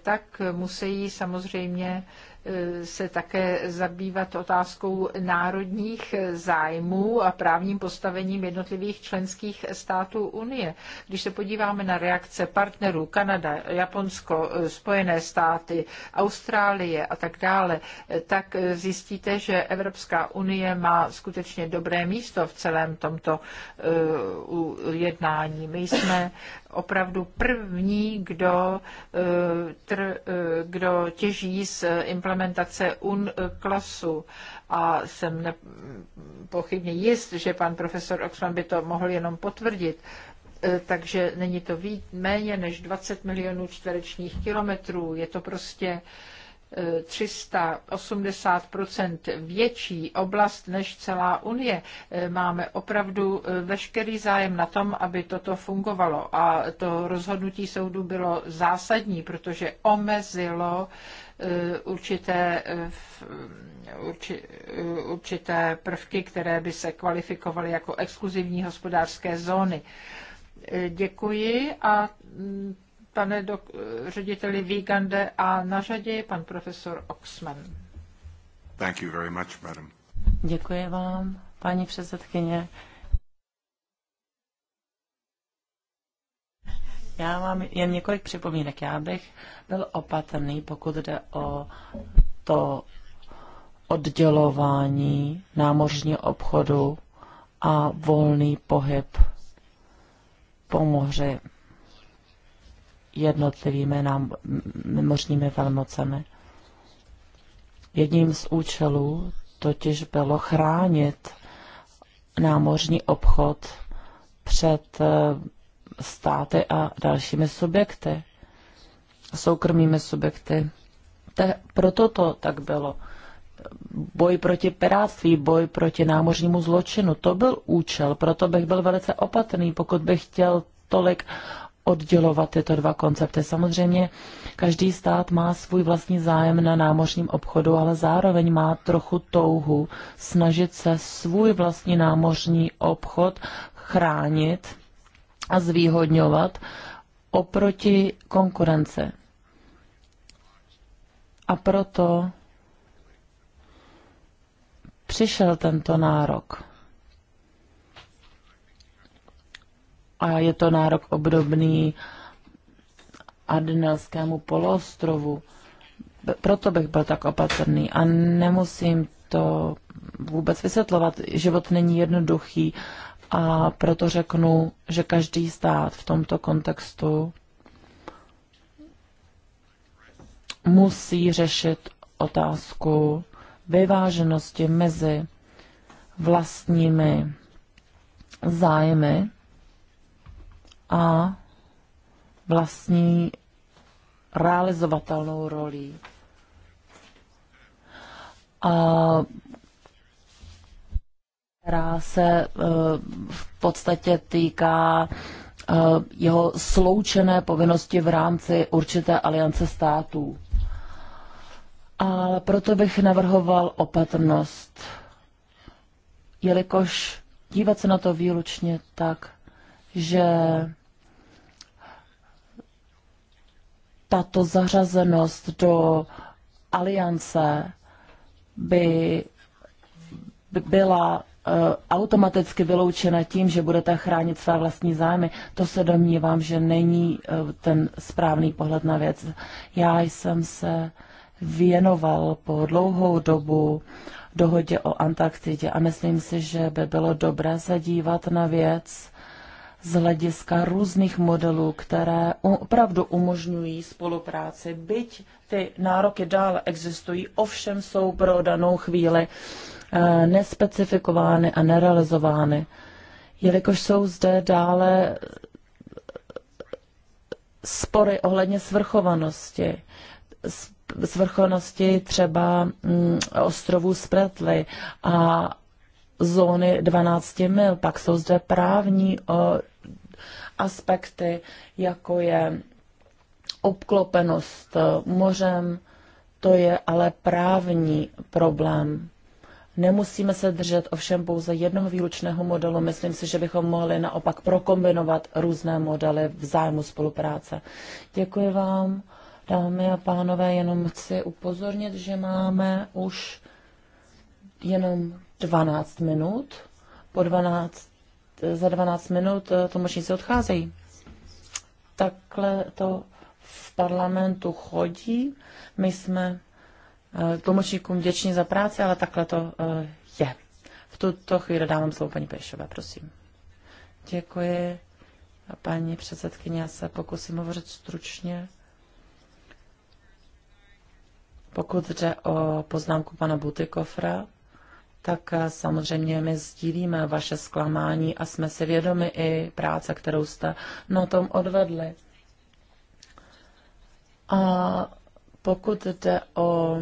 tak musí samozřejmě se také zabývat otázkou národních zájmů a právním postavením jednotlivých členských států Unie. Když se podíváme na reakce partnerů Kanada, Japonsko, Spojené státy, Austrálie a tak dále, tak zjistíte, že Evropská unie má skutečně dobré místo v celém tomto eh, jednání. My jsme opravdu první, kdo, eh, tr, eh, kdo těží z implementace UNCLOSu. A jsem pochybně jist, že pan profesor Oxman by to mohl jenom potvrdit eh, takže není to víc, méně než 20 milionů čtverečních kilometrů. Je to prostě 380 větší oblast než celá Unie. E, máme opravdu e, veškerý zájem na tom, aby toto fungovalo. A to rozhodnutí soudu bylo zásadní, protože omezilo e, určité, určité prvky, které by se kvalifikovaly jako exkluzivní hospodářské zóny. Děkuji a pane dok- řediteli Vígande a na řadě je pan profesor Oxman. Thank you very much, madam. Děkuji vám, paní předsedkyně. Já mám jen několik připomínek. Já bych byl opatrný, pokud jde o to oddělování námořního obchodu a volný pohyb po moři jednotlivými nám, možnými velmocemi. Jedním z účelů totiž bylo chránit námořní obchod před eh, státy a dalšími subjekty, soukromými subjekty. Te, proto to tak bylo. Boj proti pirátství, boj proti námořnímu zločinu, to byl účel, proto bych byl velice opatrný, pokud bych chtěl tolik oddělovat tyto dva koncepty. Samozřejmě každý stát má svůj vlastní zájem na námořním obchodu, ale zároveň má trochu touhu snažit se svůj vlastní námořní obchod chránit a zvýhodňovat oproti konkurence. A proto přišel tento nárok. a je to nárok obdobný Adenelskému poloostrovu. Proto bych byl tak opatrný a nemusím to vůbec vysvětlovat. Život není jednoduchý a proto řeknu, že každý stát v tomto kontextu musí řešit otázku vyváženosti mezi vlastními zájmy a vlastní realizovatelnou rolí. A která se eh, v podstatě týká eh, jeho sloučené povinnosti v rámci určité aliance států. A proto bych navrhoval opatrnost, jelikož dívat se na to výlučně tak, že tato zařazenost do aliance by byla eh, automaticky vyloučena tím, že budete chránit své vlastní zájmy, to se domnívám, že není eh, ten správný pohled na věc. Já jsem se věnoval po dlouhou dobu dohodě o Antarktidě a myslím si, že by bylo dobré se dívat na věc z hlediska různých modelů, které opravdu umožňují spolupráci, byť ty nároky dále existují, ovšem jsou pro danou chvíli eh, nespecifikovány a nerealizovány. Jelikož jsou zde dále eh, spory ohledně svrchovanosti, svrchovanosti třeba mm, ostrovů Spretly a zóny 12 mil, pak jsou zde právní aspekty, jako je obklopenost mořem, to je ale právní problém. Nemusíme se držet ovšem pouze jednoho výlučného modelu. Myslím si, že bychom mohli naopak prokombinovat různé modely v zájmu spolupráce. Děkuji vám, dámy a pánové. Jenom chci upozornit, že máme už jenom 12 minut. Po 12 za 12 minut eh, tlumočníci odcházejí. Takhle to v parlamentu chodí. My jsme eh, tlumočníkům vděční za práci, ale takhle to eh, je. V tuto chvíli dávám slovo paní Pešové, prosím. Děkuji. Paní předsedkyně, já se pokusím hovořit stručně. Pokud jde o poznámku pana Butykofra, tak eh, samozřejmě my sdílíme vaše zklamání a jsme si vědomi i práce, kterou jste na tom odvedli. A pokud jde o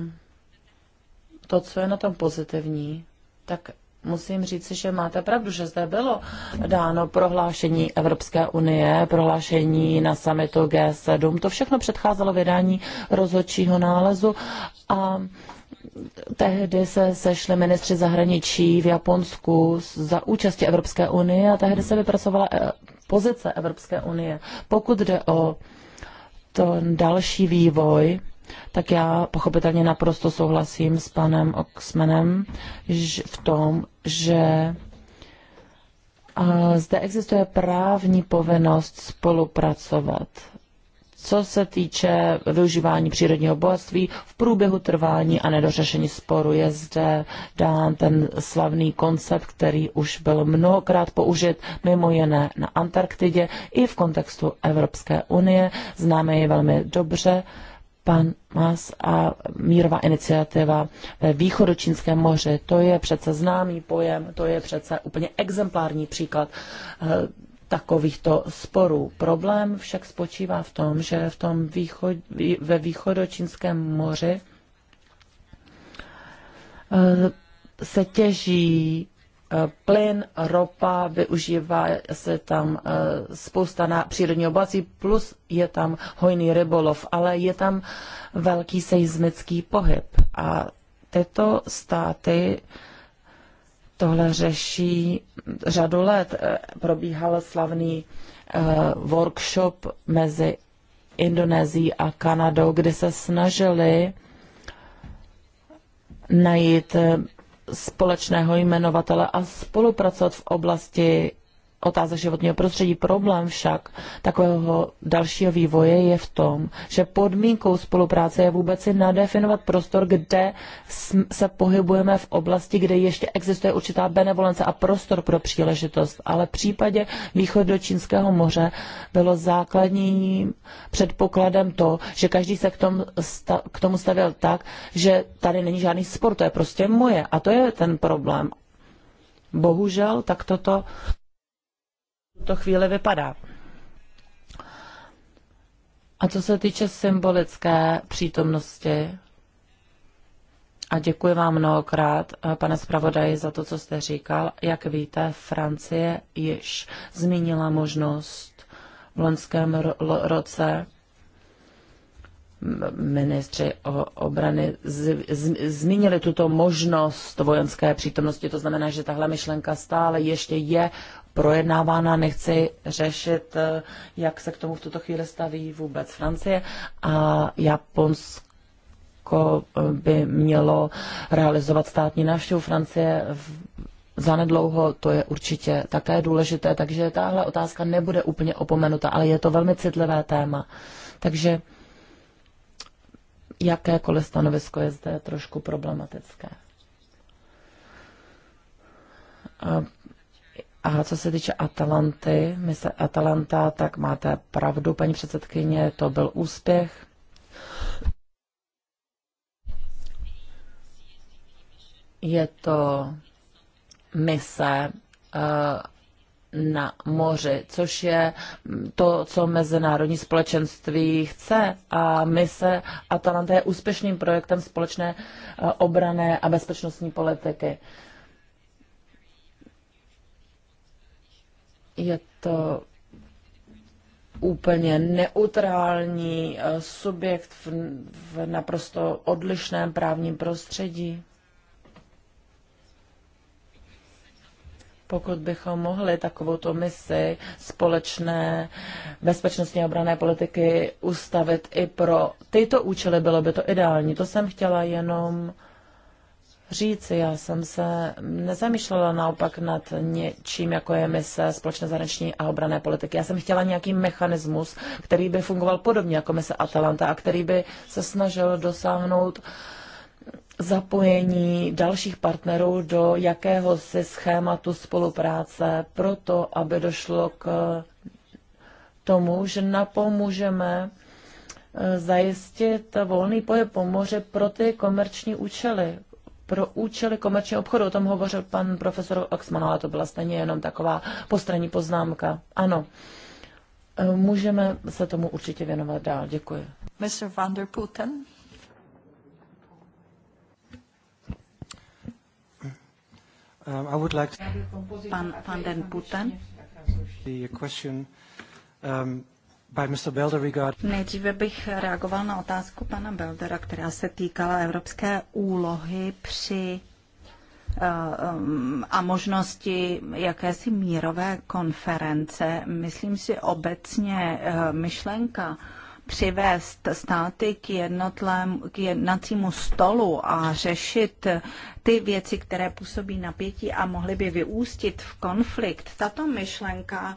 to, co je na tom pozitivní, tak musím říct, že máte pravdu, že zde bylo dáno prohlášení Evropské unie, prohlášení na samitu G7. To všechno předcházelo vydání rozhodčího nálezu a Tehdy se sešli ministři zahraničí v Japonsku za účasti Evropské unie a tehdy se vypracovala eh, pozice Evropské unie. Pokud jde o to další vývoj, tak já pochopitelně naprosto souhlasím s panem Oxmanem v tom, že eh, zde existuje právní povinnost spolupracovat co se týče využívání přírodního bohatství v průběhu trvání a nedořešení sporu. Je zde dán ten slavný koncept, který už byl mnohokrát použit, mimo jiné na Antarktidě i v kontextu Evropské unie. Známe je velmi dobře. Pan Mas a mírová iniciativa ve východočínském moři, to je přece známý pojem, to je přece úplně exemplární příklad eh, takovýchto sporů. Problém však spočívá v tom, že v tom východ, ve východočínském moři eh, se těží eh, plyn, ropa, využívá se tam eh, spousta na přírodní oblasti, plus je tam hojný rybolov, ale je tam velký seismický pohyb. A tyto státy tohle řeší řadu let. Eh, probíhal slavný eh, workshop mezi Indonésií a Kanadou, kde se snažili najít eh, společného jmenovatele a spolupracovat v oblasti otázek životního prostředí. Problém však takového dalšího vývoje je v tom, že podmínkou spolupráce je vůbec si nadefinovat prostor, kde se pohybujeme v oblasti, kde ještě existuje určitá benevolence a prostor pro příležitost. Ale v případě východu Čínského moře bylo základním předpokladem to, že každý se k tomu, k tomu stavěl tak, že tady není žádný spor, to je prostě moje. A to je ten problém. Bohužel, tak toto tuto chvíli vypadá. A co se týče symbolické přítomnosti, a děkuji vám mnohokrát, pane zpravodaji, za to, co jste říkal. Jak víte, Francie již zmínila možnost v loňském roce ministři obrany zmínili tuto možnost vojenské přítomnosti. To znamená, že tahle myšlenka stále ještě je projednávána. Nechci řešit, eh, jak se k tomu v tuto chvíli staví vůbec Francie a Japonsko eh, by mělo realizovat státní návštěvu Francie v zanedlouho, to je určitě také důležité, takže tahle otázka nebude úplně opomenuta, ale je to velmi citlivé téma. Takže jakékoliv stanovisko je zde trošku problematické. A a co se týče Atalanty, se Atalanta, tak máte pravdu, paní předsedkyně, to byl úspěch. Je to mise eh, na moři, což je to, co mezinárodní společenství chce. A mise Atalanta je úspěšným projektem společné eh, obrané a bezpečnostní politiky. Je to úplně neutrální eh, subjekt v, v naprosto odlišném právním prostředí. Pokud bychom mohli takovou tu misi společné bezpečnostní a obrané politiky ustavit i pro tyto účely, bylo by to ideální. To jsem chtěla jenom říci. Já jsem se nezamýšlela naopak nad něčím, jako je mise společné zahraniční a obrané politiky. Já jsem chtěla nějaký mechanismus, který by fungoval podobně jako mise Atalanta a který by se snažil dosáhnout zapojení dalších partnerů do jakéhosi schématu spolupráce proto, aby došlo k tomu, že napomůžeme eh, zajistit volný pohyb po moři pro ty komerční účely, pro účely komerčního obchodu. O tom hovořil pan profesor Oxman, ale to byla stejně jenom taková postranní poznámka. Ano, e, můžeme se tomu určitě věnovat dál. Děkuji. Mr. van der Putten. Um, I would like to... Pan pan den Putten. The question um, Nejdříve bych reagoval na otázku pana Beldera, která se týkala evropské úlohy při eh, eh, a možnosti jakési mírové konference. Myslím si obecně eh, myšlenka přivést státy k, jednotlém, k jednacímu stolu a řešit ty věci, které působí napětí a mohly by vyústit v konflikt. Tato myšlenka uh,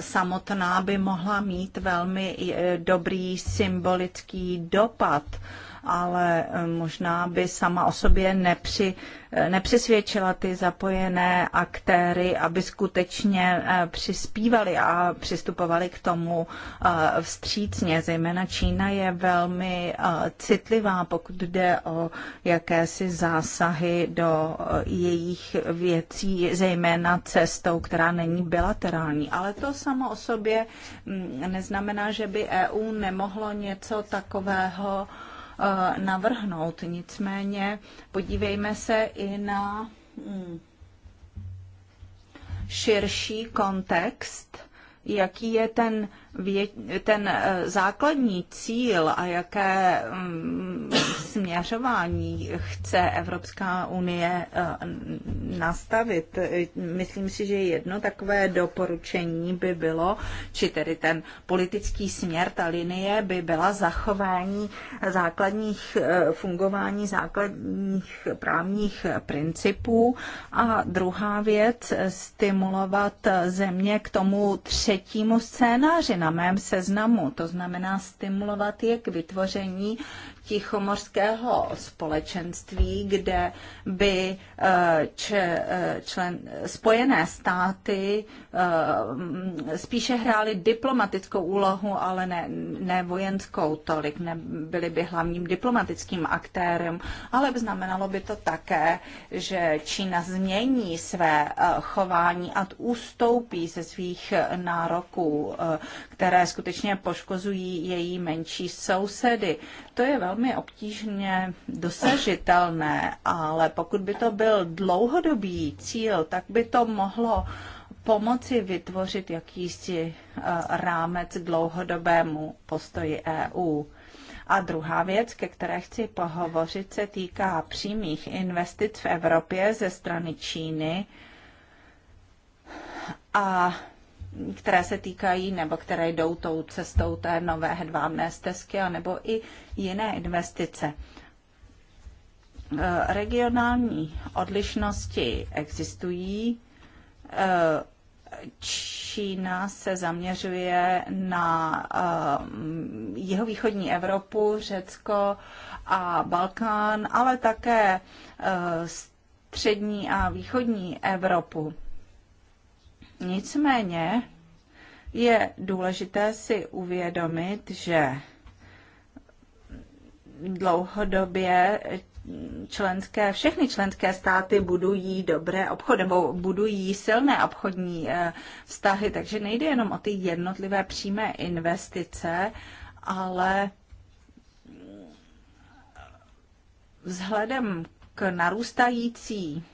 samotná by mohla mít velmi eh, dobrý symbolický dopad ale eh, možná by sama o sobě nepři, eh, nepřesvědčila ty zapojené aktéry, aby skutečně eh, přispívali a přistupovali k tomu vstřícně. Zejména Čína je velmi citlivá, pokud jde o jakési zásahy do jejich věcí, zejména cestou, která není bilaterální. Ale to samo o sobě mm, neznamená, že by EU nemohlo něco takového Eh, navrhnout. Nicméně podívejme se i na mm, širší kontext, jaký je ten ten eh, základní cíl a jaké mm, směřování chce Evropská unie eh, nastavit. Myslím si, že jedno takové doporučení by bylo, či tedy ten politický směr, ta linie by byla zachování základních eh, fungování základních právních principů a druhá věc stimulovat země k tomu třetímu scénáři, na mém seznamu. To znamená stimulovat je k vytvoření tichomorského společenství, kde by eh, eh, člen, spojené státy eh, spíše hrály diplomatickou úlohu, ale ne, ne vojenskou tolik, nebyly by hlavním diplomatickým aktérem, ale znamenalo by to také, že Čína změní své chování a ústoupí ze svých nároků, které skutečně poškozují její menší sousedy. To je velmi velmi obtížně dosažitelné, ale pokud by to byl dlouhodobý cíl, tak by to mohlo pomoci vytvořit jakýsi eh, rámec dlouhodobému postoji EU. A druhá věc, ke které chci pohovořit, se týká přímých investic v Evropě ze strany Číny. A které se týkají nebo které jdou tou cestou té nové hedvábné stezky nebo i jiné investice. Eh, regionální odlišnosti existují. Eh, Čína se zaměřuje na eh, jihovýchodní Evropu, Řecko a Balkán, ale také střední a východní Evropu. Nicméně je důležité si uvědomit, že dlouhodobě členské, všechny členské státy budují dobré obchod nebo budují silné obchodní eh, vztahy, takže nejde jenom o ty jednotlivé přímé investice, ale vzhledem k narůstající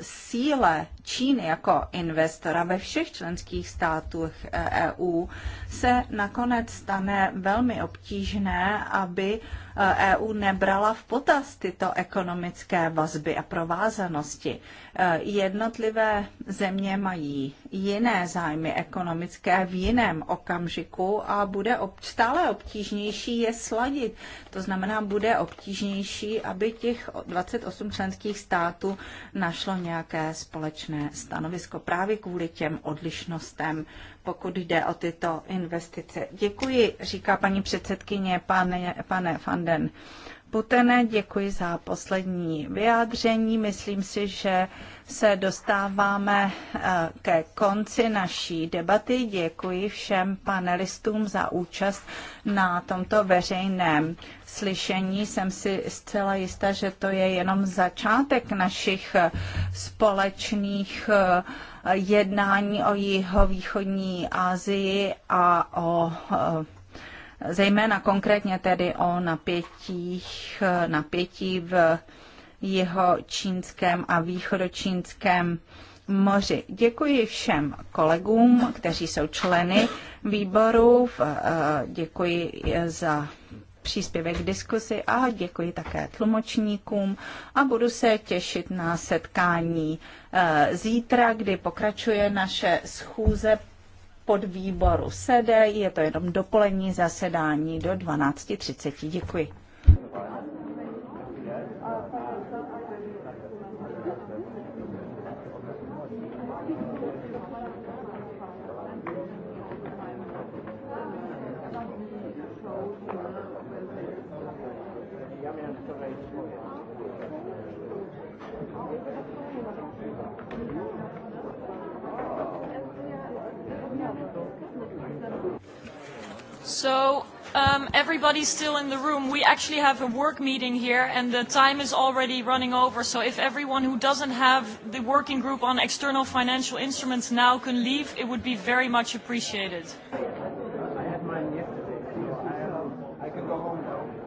síle Číny jako investora ve všech členských státech e- EU se nakonec stane velmi obtížné, aby EU eh, e nebrala v potaz tyto ekonomické vazby a provázanosti. Eh, jednotlivé země mají jiné zájmy ekonomické v jiném okamžiku a bude stále obtížnější je sladit. To znamená, bude obtížnější, aby těch 28 členských států našlo nějaké společné stanovisko právě kvůli těm odlišnostem pokud jde o tyto investice. Děkuji, říká paní předsedkyně, pane, pane Fanden. Putene, děkuji za poslední vyjádření. Myslím si, že se dostáváme eh, ke konci naší debaty. Děkuji všem panelistům za účast na tomto veřejném slyšení. Jsem si zcela jistá, že to je jenom začátek našich eh, společných uh, jednání o jihovýchodní Asii a o e, zejména konkrétně tedy o napětích, e, napětí v jeho čínském a východočínském moři. Děkuji všem kolegům, kteří jsou členy výboru. E, děkuji za příspěvek k diskusi a děkuji také tlumočníkům a budu se těšit na setkání eh, zítra, kdy pokračuje naše schůze pod výboru SEDE. Je to jenom dopolední zasedání do 12.30. Děkuji. So, um, everybody's still in the room. We actually have a work meeting here, and the time is already running over. So if everyone who doesn't have the working group on external financial instruments now can leave, it would be very much appreciated.